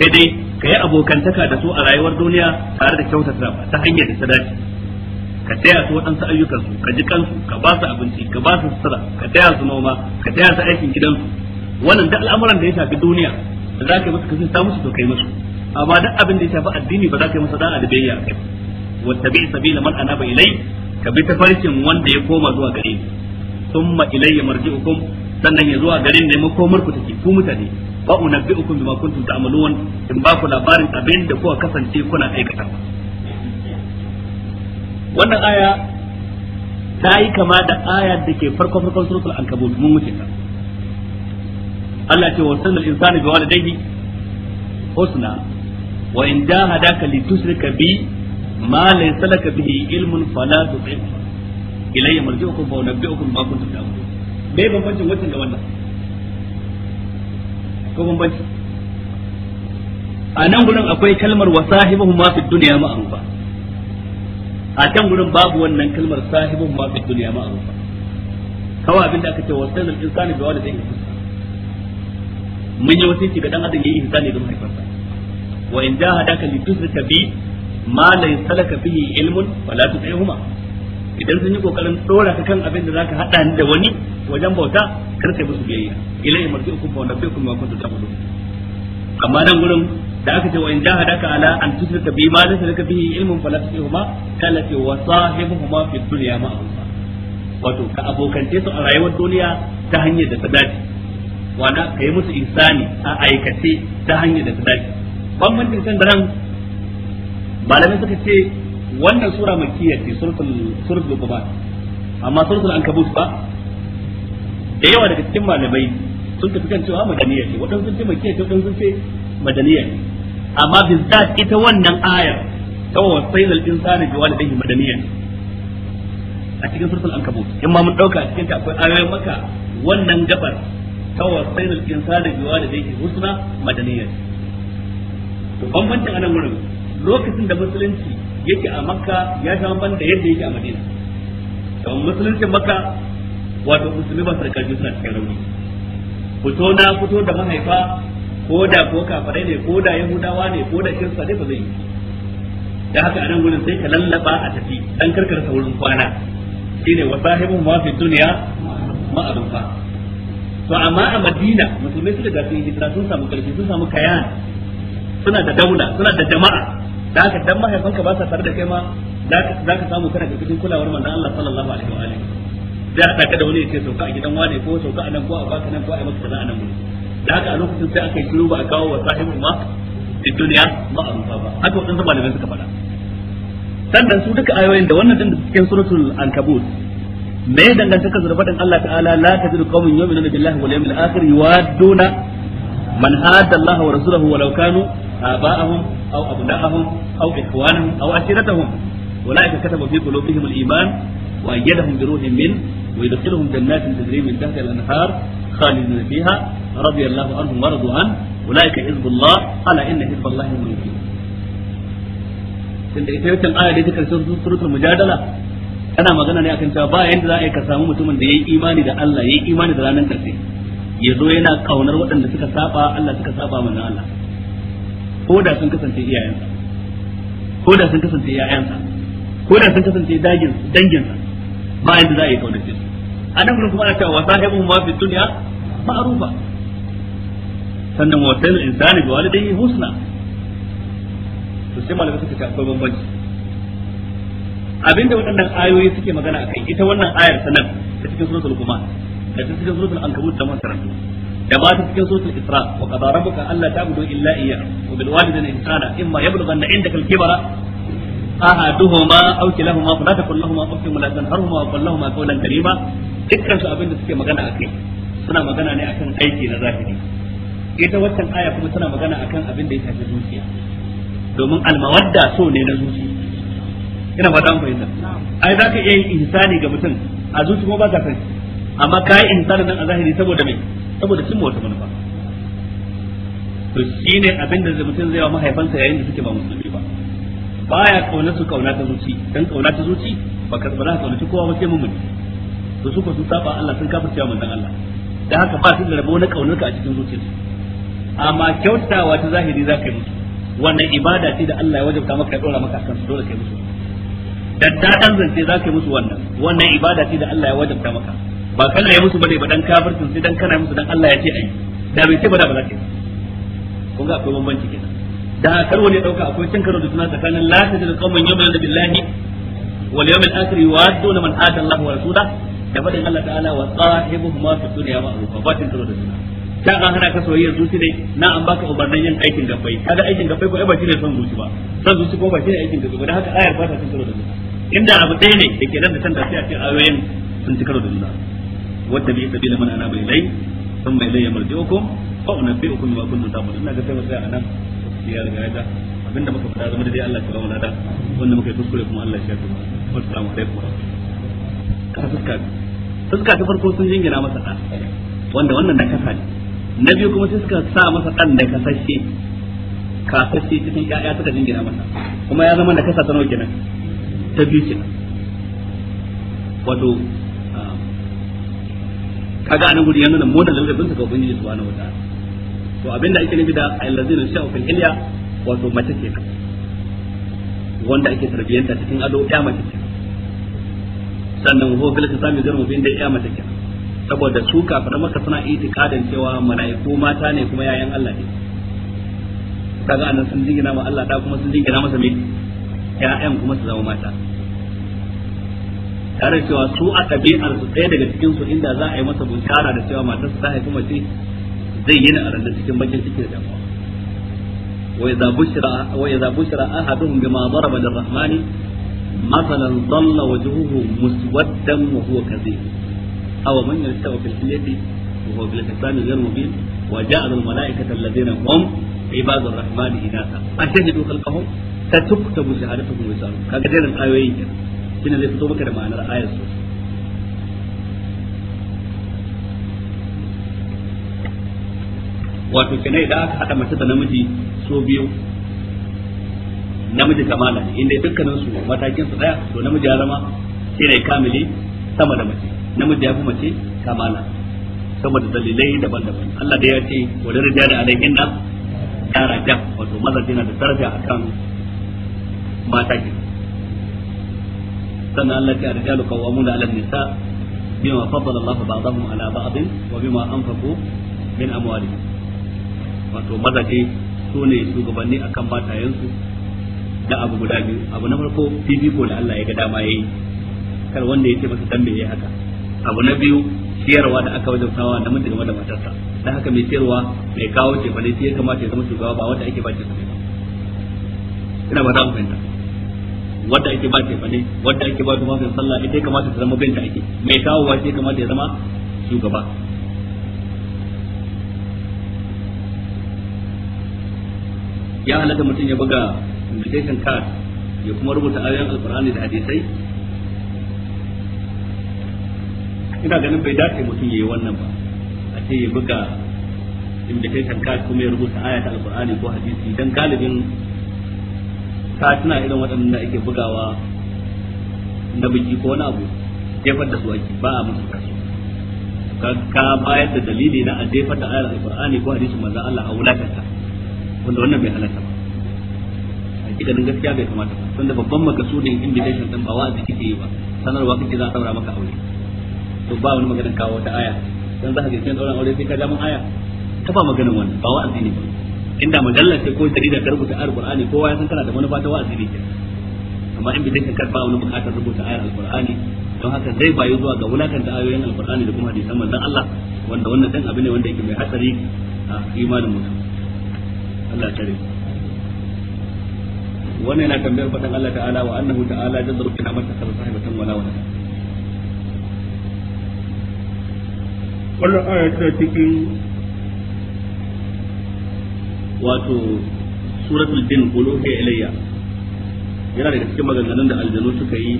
kai dai kai abokantaka da su a rayuwar duniya tare da kyautata ta hanyar da ta dace ka taya su waɗansu ayyukansu ka ji kansu ka ba su abinci ka ba su sutura ka taya su noma ka taya su aikin gidansu wannan duk al'amuran da ya shafi duniya da za ka yi musu kasin ta musu to kai musu amma duk abin da ya shafi addini ba za ka yi masa dan da biyayya a kai wata bi sabila man anaba ilai ka bi tafarkin wanda ya koma zuwa gare ni thumma ilayya marji'ukum sannan ya zuwa gare ni komar ku take ku mutane wa unabbi'ukum bima kuntum ta'malun in ba ku labarin abin da kuka kasance kuna aikata wannan aya ta yi kama da ayar da ke farkon farkon suratul ankabut mun wuce ta Allah ce wa sanar insani bi walidayhi husna wa in jahadaka litushrika bi ma laysa laka bihi ilmun fala tuṭi' ilayya marji'ukum bi unabbi'ukum ma kuntum ta'malun me bambancin wannan da wannan ko bambanci a nan gurin akwai kalmar wa sahibuhum ma fi dunya ma'rufa a can gurin babu wannan kalmar sahibuhum ma fi dunya ma'rufa kawai abinda aka ce wa sanar insani bi walidayhi husna mun yi wasiki ga dan adam yayi ihsani ga mahaifarsa wa in jahadaka li tusrika bi ma laysa salaka bihi ilmun fala huma. idan sun yi kokarin dora ka kan abin da zaka hada ni da wani wajen bauta kar kai musu biyayya ilai marji ukum fa nabbiukum ma kun ta'malun amma nan gurin da aka ce wa in jahadaka ala an tusrika bi ma laysa salaka bihi ilmun fala tuṭihuma kala fi wa sahibuhuma fi dunya ma'rufa wato ka abokance su a rayuwar duniya ta hanyar da ta dace wana ka yi musu insani a aikace ta hanyar da ta dace bambancin kan daren malamai suka ce wannan sura makiya ce suratul suratul gaba amma suratul ankabut ba da yawa daga cikin malamai sun tafi kan cewa madaniya ce waɗansu sun ce makiya ce waɗansu sun ce madaniya ce amma bizzat ita wannan ayar ta wasail al insani bi walidayhi madaniya a cikin suratul ankabut in ma mun dauka cikin ta akwai ayoyin maka wannan gabar tawassayna al-insana bi walidayhi husna madaniyya to bambancin anan gurin lokacin da musulunci yake a makka ya ta ban da yadda yake a madina to musulunci makka wato musulmi ba sarkar da suna cikin rauni fito na fito da mahaifa ko da ko kafirai ne ko da yahudawa ne ko da kirista ne ba zai yi da haka anan gurin sai ka lallaba a tafi dan karkar wurin kwana shine wa sahibu ma fi dunya ma'arufa to amma a madina musulmai suka ga sun hijira sun samu karfi sun samu kayan suna da daula suna da jama'a da haka dan mahaifanka ba sa tare da kai ma za ka samu kana cikin kulawar manzon Allah sallallahu alaihi wa alihi da aka da wani ya ce sauka a gidan wane ko sauka a nan ko a baka nan ko a maka kaza a nan wuri da haka a lokacin sai aka yi shiru ba a kawo wa sahibu ma da duniya ma a rufa ba haka wadansu malamai suka faɗa sannan su duka ayoyin da wannan din da cikin suratul al-kabut me ya dangantaka da faɗin Allah ta'ala la tajidu qawmin yu'minuna billahi wal yawmil akhir yuwadduna man hada Allah wa rasulahu walau kanu aba'ahum aw abna'ahum aw ikhwanahum aw ashiratahum ulaika kataba fi qulubihim al iman wa ayyadahum bi ruhin min wa yadkhiluhum jannatin tajri min tahtiha al anhar khalidina fiha radiyallahu anhum wa radu an ulaika hizbullah ala inna hizballahi al-mubin tunda ita wannan aya da take karshen suratul mujadala kana magana ne akan cewa ba yanda za a yi ka samu mutumin da yayi imani da Allah yayi imani da ranar karshe ya zo yana kaunar waɗanda suka saba Allah suka saba mana Allah ko da sun kasance iyayensa ko da sun kasance iyayensa ko da sun kasance dangin danginsa ba yanda za a yi kaunar su anan gurin kuma ana cewa wa sahibu ma fi dunya ma'rufa sannan wa sal insani bi walidayhi husna to sai malaka suka ce akwai bambanci abinda waɗannan ayoyi suke magana akai ita wannan ayar sanan da cikin suratul kuma da ta cikin suratul ankabut da masarantu da ba ta cikin suratul isra wa qad rabbuka alla ta'budu illa iyyahu wa bil walidayni ihsana imma yablughanna indaka al-kibara ahaduhuma aw kilahuma fala taqul lahumu uffin wa la tanharhuma wa qul lahumu qawlan karima dukkan su abin da suke magana akai suna magana ne akan aiki na zahiri ita waccan aya kuma tana magana akan abin da ya shafi zuciya domin almawadda so ne na zuci ina fata an fahimta ai za ka iya yin insani ga mutum a zuci kuma ba ka san amma ka yi insani nan a zahiri saboda me saboda cin wata manufa to shi ne abin da mutum zai wa mahaifansa yayin da suke ba musulmi ba baya kauna su kauna ta zuci dan kauna ta zuci ba ka ba za ka kaunaci kowa ba sai mutu to su ko su saba Allah sun kafirce wa manzon Allah dan haka ba su da rabo na kaunar ka a cikin zuciyarsu amma kyautawa ta zahiri za ka yi musu wannan ibada ce da Allah ya wajabta maka ya dora maka kan su dole kai musu daddadan zance za ka yi musu wannan wannan ibada ce da Allah ya wajabta maka ba kana ya musu bane ba dan kafircin sai dan kana musu dan Allah ya ce ai da bai ce ba da ba za yi kun ga akwai bambanci kenan da kar wani dauka akwai cin karo da juna tsakanin la ta da qauman da billahi wal al akhir yu'adduna man ata Allah wa rasula da fadin Allah ta'ala wa ma fi dunya ma'rufa ba cin karo da juna ta an hana ka soyayya zuci ne na an baka ubannin yin aikin gabbai kaga aikin gabbai ko ba shine son zuci ba son zuci ko ba shine aikin gabbai da haka ayar ba ta cin karo da juna inda abu ɗaya ne da ke nan da can da sai a ce ayoyin sun ci karo da juna wadda sabi sabila mana ana bai lai sun mai lai ya marji'ukum uku unabbi'ukum kun ta mutum na ga sai a anan ya riga ya abinda muka fada zama da dai Allah ya kawo lada wanda muka yi kuskure kuma Allah ya shafe mu assalamu alaikum wa rahmatullahi fuska fuska ta farko sun jingina masa da wanda wannan da kasa ne na biyu kuma sai suka sa masa dan da kasashe kasashe cikin ƴaƴa suka jingina masa kuma ya zama da kasa ta nawa kenan ta biyu kenan wato ah, kaga anan guri yana nan mona lallabin ga ubangiji subhanahu wataala to abinda ake nufi da allazina sha'u fil hilya wato mace kenan wanda ake tarbiyyanta cikin ado ya mace kenan sannan huwa fil kisami zarmu bin da ya mace kenan saboda su kafiran maka suna itikadin cewa mala'iku mata ne kuma yayan Allah ne kaga anan sun jingina ma Allah da kuma sun jingina masa mai ya'yan kuma su zama mata tare cewa su a ɗabi'ar su ɗaya daga cikin su inda za a yi masa bunkara da cewa matar ta haifi mace zai yi na a cikin bakin cikin da damuwa wa shira bushira wa idza bushira ahaduhum bima rahmani lirrahmani mathalan dhalla wajhuhu muswaddan wa huwa kaze. aw man yaltawa fil hilyati wa huwa bil hisani ghayr mubin wa ja'a al malaikata alladhina hum ibadu arrahmani inatha ashhadu khalqahum ta tuktabu shahadatukum wa yusaru kaga jerin ayoyin kenan shine zai fito maka da ma'anar ayar su wato kenan idan aka hada mace da namiji so biyu namiji kamala inda dukkanin su matakin su daya to namiji ya zama ne kamili sama da mace namiji ya fi mace kamala da dalilai daban-daban Allah da ya ce wa da rijali alaihinna daraja wato mazaje na da daraja akan mata ke sannan Allah ya rijalu da 'ala nisa ma faddala Allah ba'dahum 'ala ba'd wa ma anfaqu min amwalihim wato mazaje su ne shugabanni akan matayensu da abu guda biyu abu na farko fifiko da Allah ya ga dama yayi kar wanda ya ce masa dan me yayi haka abu na biyu siyarwa da aka wajen kawo da mutum da matarsa da haka mai siyarwa mai kawo ce fa ne ya kamata ya zama shugaba ba wanda ake ba ce ina ba za mu fahimta wanda ake ba bane wanda ake ba tufafin sallah ita kamata ta zama bin da ake mai kawowa ce kamata ya zama shugaba ya halatta mutum ya buga invitation card ya kuma rubuta ayoyin alkur'ani da hadisai ina ganin bai dace mutum ya yi wannan ba a ce ya buga invitation card kuma ya rubuta aya ta alkur'ani ko hadisi dan galibin katina irin waɗannan da ake bugawa na biki ko wani abu jefar da su ake ba a musu kasu ka bayar da dalili na a jefar da ayar alqur'ani ko hadisin manzon Allah a wulakanta wanda wannan bai halatta ba hakikanin gaskiya bai kamata ba tunda babban ne invitation din ba wa'azi kike yi ba sanarwa kake za a saura maka aure to ba wani maganin kawo ta aya dan za ka ga kin daura aure sai ka ga mun aya ta ba maganin wannan ba wa'azi ne ba inda mujalla ce ko jarida ka rubuta ayar qur'ani kowa ya san kana da manufa ta wa'azi ne amma in bidai ka karba wani bukatar rubuta ayar alqur'ani don haka zai bayu zuwa ga wulakanta ayoyin alqur'ani da kuma hadisan manzon Allah wanda wannan dan abin ne wanda yake mai hasari a imanin mutum Allah tare wannan yana tambayar fadan Allah ta'ala wa annahu ta'ala jazzaru kana mata sahibatan wala wala wannan aya tana cikin wato suratul jin qulu ka ilayya yana daga cikin maganganun da aljanu suka yi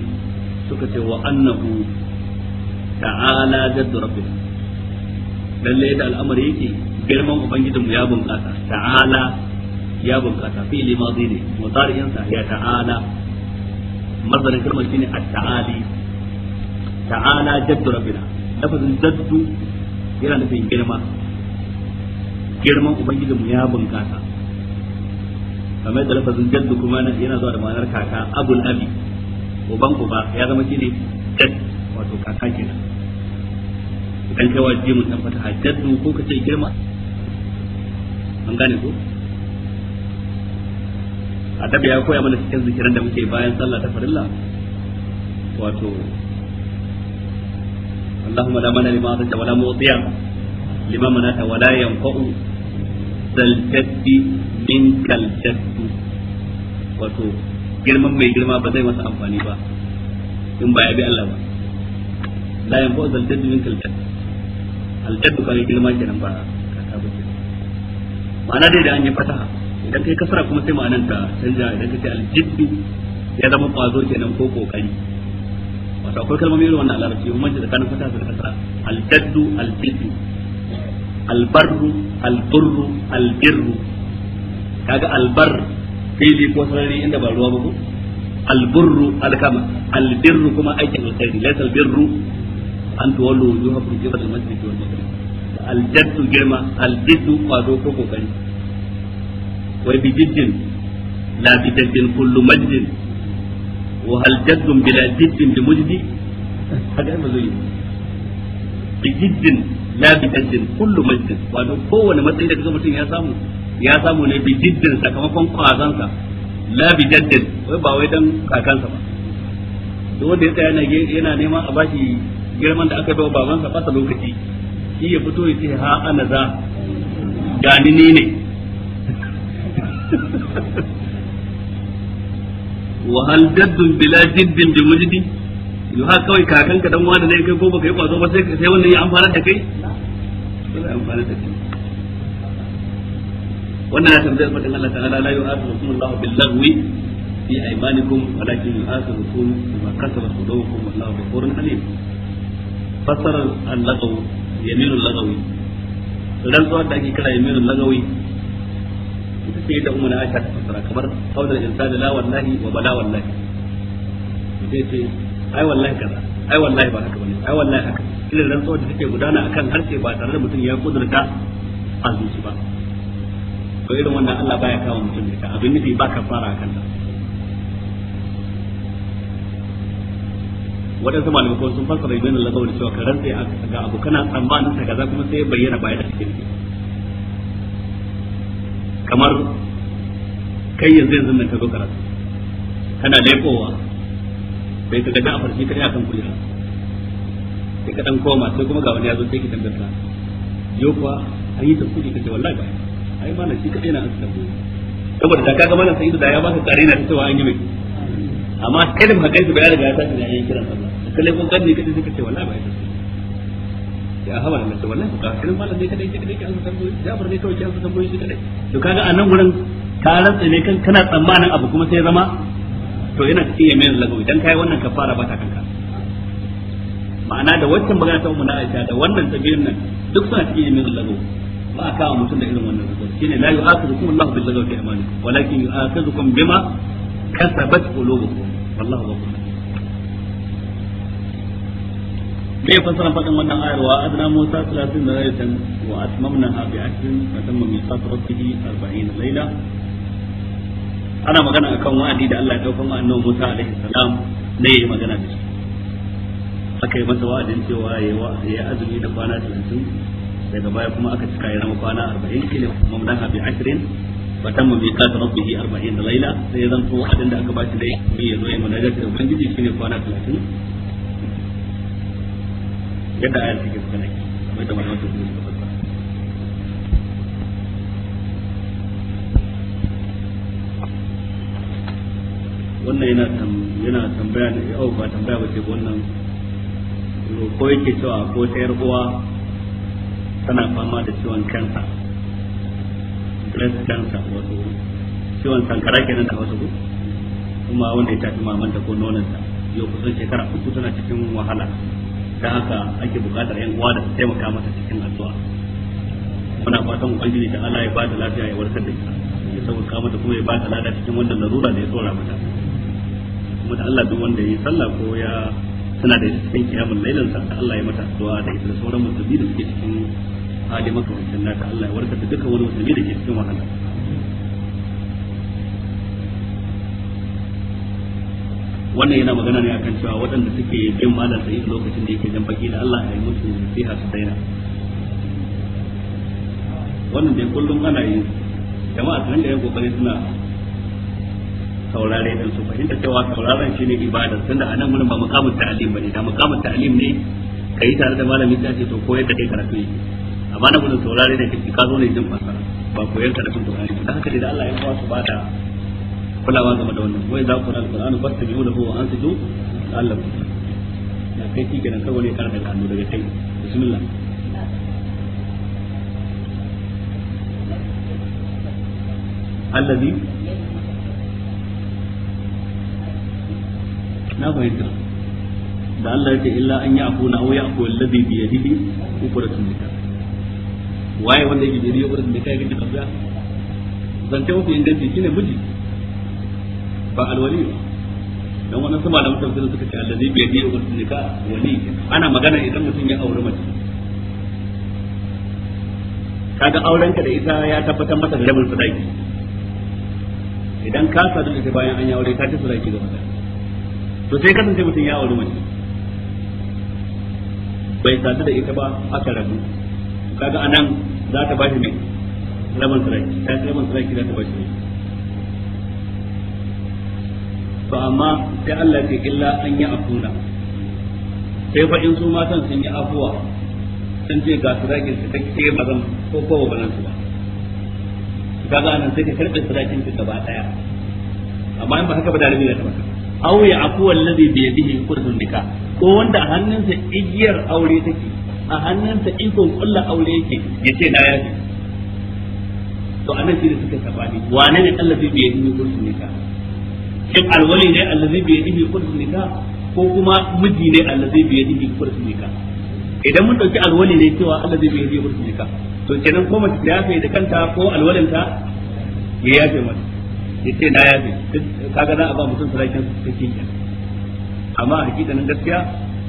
suka ce wa annahu ta'ala jaddu rabbih lalle da al'amari yake girman ubangijin mu ya bunƙasa ta'ala ya bunƙasa fi limazi ne mutariyan sa ya ta'ala mazarin kalmar shine at-ta'ali ta'ala jaddu rabbina lafazin jaddu yana nufin girma girman ubangiji mu ya bunkasa kamar da lafazin jaddu kuma yana zuwa da ma'anar kaka abul abi uban uba ya zama shine jadd wato kaka kenan idan kai wa mun dan fata jaddu ko kace girma an gane ko adabi ya koya mana cikin zikirin da muke bayan sallah ta farilla wato اللهم لا مانع لما اعطيت ولا معطي لما منعت ولا ينفع zaltatti min kaltattu wato girman mai girma ba zai masa amfani ba in ba ya bi Allah ba la yanfa zaltatti min kaltattu altattu kan girma kenan ba kaka ba kenan ma'ana dai da an yi fasaha idan kai kasara kuma sai ma'anan ta canja idan kai aljiddu ya zama kwazo kenan ko kokari wato akwai kalmomi irin wannan a larabci mun ji tsakanin fasaha da kasara aljaddu aljiddu albarru alburru albirru kaga albar fili ko sarari inda ba ruwa ba ko alburru alkama albirru kuma aikin alkhairi laysa albirru an tuwallu wujuhakum qibla al-masjid wal maghrib aljaddu girma aljiddu kwado ko kokari wai bi jiddin la bi jaddin kullu majdin wa jaddun bi jiddin la bi jaddin kullu majdin wato kowane matsayi da kaga mutum ya samu ya samu ne bi jiddin sakamakon kwazansa la bi jaddin wai ba wai dan kakansa ba duk wanda ya tsaya yana neman a bashi girman da aka bawa babansa ta lokaci shi ya fito ya ce ha ana za gani ni ne wa hal jaddun bila jiddin bi mujdi yau ha kawai kakan ka dan wani ne kai ko baka yi kwazo ba sai sai wannan ya amfana da kai sai amfana da kai wannan na tambayar fadin Allah ta'ala la yu'afikum Allahu bil lagwi fi aymanikum walakin yu'afikum bima kasabat qulubukum wallahu ghafurun alim fasarar al-lagaw yaminul lagawi rantsuwar da ake kira yaminul lagawi ita ce da umar aisha ta fassara kamar qawlul insani la wallahi wa bala wallahi sai ai wallahi kaza ai wallahi ba haka bane ai wallahi haka irin rantsuwa da take gudana akan harshe ba tare da mutum ya kudurta azuci ba to irin wannan Allah baya kawo mutum da ka abin nufi ba ka fara akan ta waɗansu malamai ko sun fassara ibn al-lagaw da cewa karan sai ga abu kana tsammanin ta kaza kuma sai bayyana baya da cikin kamar kai yanzu yanzu ne ka zo karatu kana laifowa bai ta daga a farki kadai akan kujera sai ka dan koma sai kuma ga wani ya zo sai ki tambayar yo kuwa an yi tafsiri kace wallahi ba ai mana shi kadai na asusta ko saboda da kaga mana sai da ya ba ka kare na cewa an yi mai amma kai da hakai su bayar riga ya tashi da yayin kiran sallah kalle kun kanne kace sai kace wallahi ba ai ya hawa da mace wallahi ka kiran mallan dai kadai kadai ki an ya bar ne kawai ki an tambaye shi kadai to kaga a nan gurin ka rantsa ne kan kana tsammanin abu kuma sai zama to yana cikin yamin lagawi dan kai wannan kafara ba ta kanka ma'ana da waccan magana ta umma Aisha da wannan tabirin nan duk suna cikin yamin ba a kawo mutum da irin wannan zuwa shine la yu'akhidhukum Allahu bil lagawi fi walakin bima kasabat qulubukum wallahu ghafur me ya fadin wannan ayar wa adna musa 30 laylatan wa atmamnaha bi 10 fa tamma miqat rabbih 40 layla ana magana akan wa'adi da Allah ya dauka wa annabi Musa alaihi salam ne yayi magana da shi aka yi masa wa'adin cewa ya azumi da kwana 30 daga baya kuma aka cika yana kwana 40 kila kuma mun dan abi ashrin fatamma bi qad rabbih 40 laila sai zan to wa'adin da aka bashi dai mai yazo ya munajat da ubangiji shine kwana 30 yadda ayatu ke suka nake kamar da malamin suka wannan yana yana tambaya da ya ba tambaya ba ce wannan ko yake cewa ko ta yar uwa tana fama da ciwon kansa breast cancer wato ciwon sankara kenan da wasu kuma wanda ya tafi mamanta ko nonanta yau kusan shekara uku tana cikin wahala da haka ake bukatar yan uwa da su taimaka mata cikin addu'a muna fatan ubangiji da Allah ya ba ta lafiya ya warkar da ita ya kama da kuma ya ba ta lada cikin wannan larura da ya tsora mata kuma da Allah duk wanda ya yi sallah ko ya suna da ita cikin kiyamun lailan sa ta Allah ya mata addu'a da ita da sauran musulmi da suke cikin hali makamancin naka Allah ya warkar da duka wani musulmi da ke cikin wahala wannan yana magana ne akan cewa waɗanda suke bin malam sai lokacin da yake jan baki da Allah ya yi musu nasiha su daina wannan dai kullum ana yi jama'a sun da yan kokari suna saurare din su fahimta cewa sauraron shine ibada tunda anan mun ba muqamul ta'lim bane da makamun ta'lim ne kai tare da malami ta ce to koyar da kai karatu yake amma na gudun saurare da kake ka zo ne jin fasara ba koyar karatun Qur'ani ba haka da Allah ya kawo su ba da kulawa game da wannan wai za ku ran Qur'ani fastabi'u lahu wa ansitu Allah ya kai ki gidan kawai ne karanta hannu daga kai bismillah الذي na fahimta da Allah ya ce illa an ya afu na au ya afu alladhi bi yadihi ukratun nikah waye wanda yake da ukratun nikah yake kafiya zance mafi inganci ne miji ba alwali dan wannan sama da mutum suka ce alladhi bi yadihi ukratun nikah wali ana magana idan mutum ya aure mace kaga auren ka da ita ya tabbatar masa da rabin sadaki idan ka sadu da bayan an yi aure ka ci sadaki da mutane to sai kasance mutum ya auri mace bai sadu da ita ba aka rabu kaga anan za ta bashi mai laman sarki ta rabin sarki za ta bashi mai to amma sai Allah ke illa an yi afuna sai fa in su matan sun yi afuwa sun ce ga surakin su kake bazan ko ko ba su ba kaga anan sai ka karbe surakin su gaba daya amma in ba haka ba da rabi da ta maka aw ya aku wallazi bi yadihi qudun nikah ko wanda a hannunsa igiyar aure take a hannunsa ikon kullu aure yake yace na yafi to anan shi da suka sabani wane ne allazi bi yadihi qudun nikah shin alwali ne allazi bi yadihi qudun nikah ko kuma miji ne allazi bi yadihi qudun nikah idan mun dauki alwali ne cewa allazi bi yadihi qudun nikah to kenan ko mace ta yafe da kanta ko alwalinta ya yafe mata yace na yafe kaga za a ba mutum sarakin cikin ya amma a nan gaskiya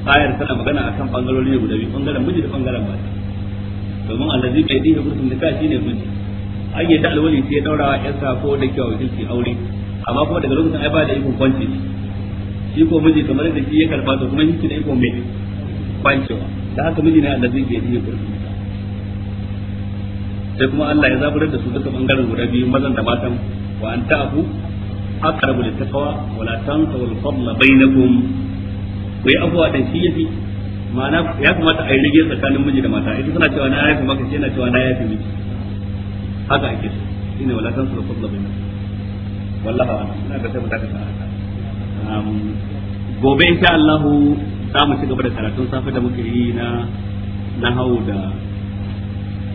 ayar tana magana akan bangarori guda biyu bangaren miji da bangaren mata domin allazi bai dinka kursun da kashi ne miji an yi da alwali sai ya daura wa yarsa ko da kyau wakilci aure amma kuma daga lokacin ai ba da ikon kwanci shi ko miji kamar da shi ya karba to kuma shi da ikon mai kwancewa da haka miji ne allazi bai dinka kursun sai kuma Allah ya zaburar da su duka bangaren guda biyu mazan da matan wa an ta'fu aqrabu lit taqwa wa la tansaw al fadla bainakum ku yi abuwa dan shi yafi ma'ana ya kamata a yi rige tsakanin miji da mata ita tana cewa na yafi maka shi yana cewa na yafi miki wala gobe insha allahu za mu ci gaba da karatun safe da muke yi na na da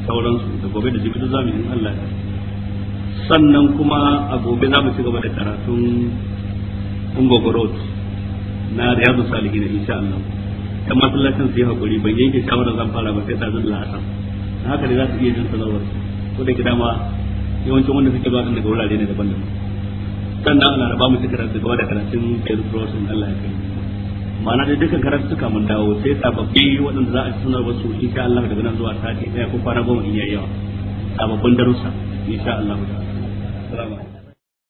sauransu da gobe da jibi duk Allah ya sannan kuma a gobe za mu ci gaba da karatun ungogorot na riyadu salihin insha Allah ta masallacin su yi hakuri ban yanke shawarar zan fara ba sai tazin la'asar haka ne za su iya jin sanarwar ko da gida ma yawancin wanda suke ba daga wurare ne daban-daban sannan ana raba mu ci karatu gaba da karatun sayar prosin Allah ya kai ma'ana dai dukkan karatu suka mun dawo sai sababbi waɗanda za a ci sanarwa su insha Allah daga nan zuwa sati ɗaya ko kwana goma in yayi yawa sababbin darussa insha Allah ta'ala السلام عليكم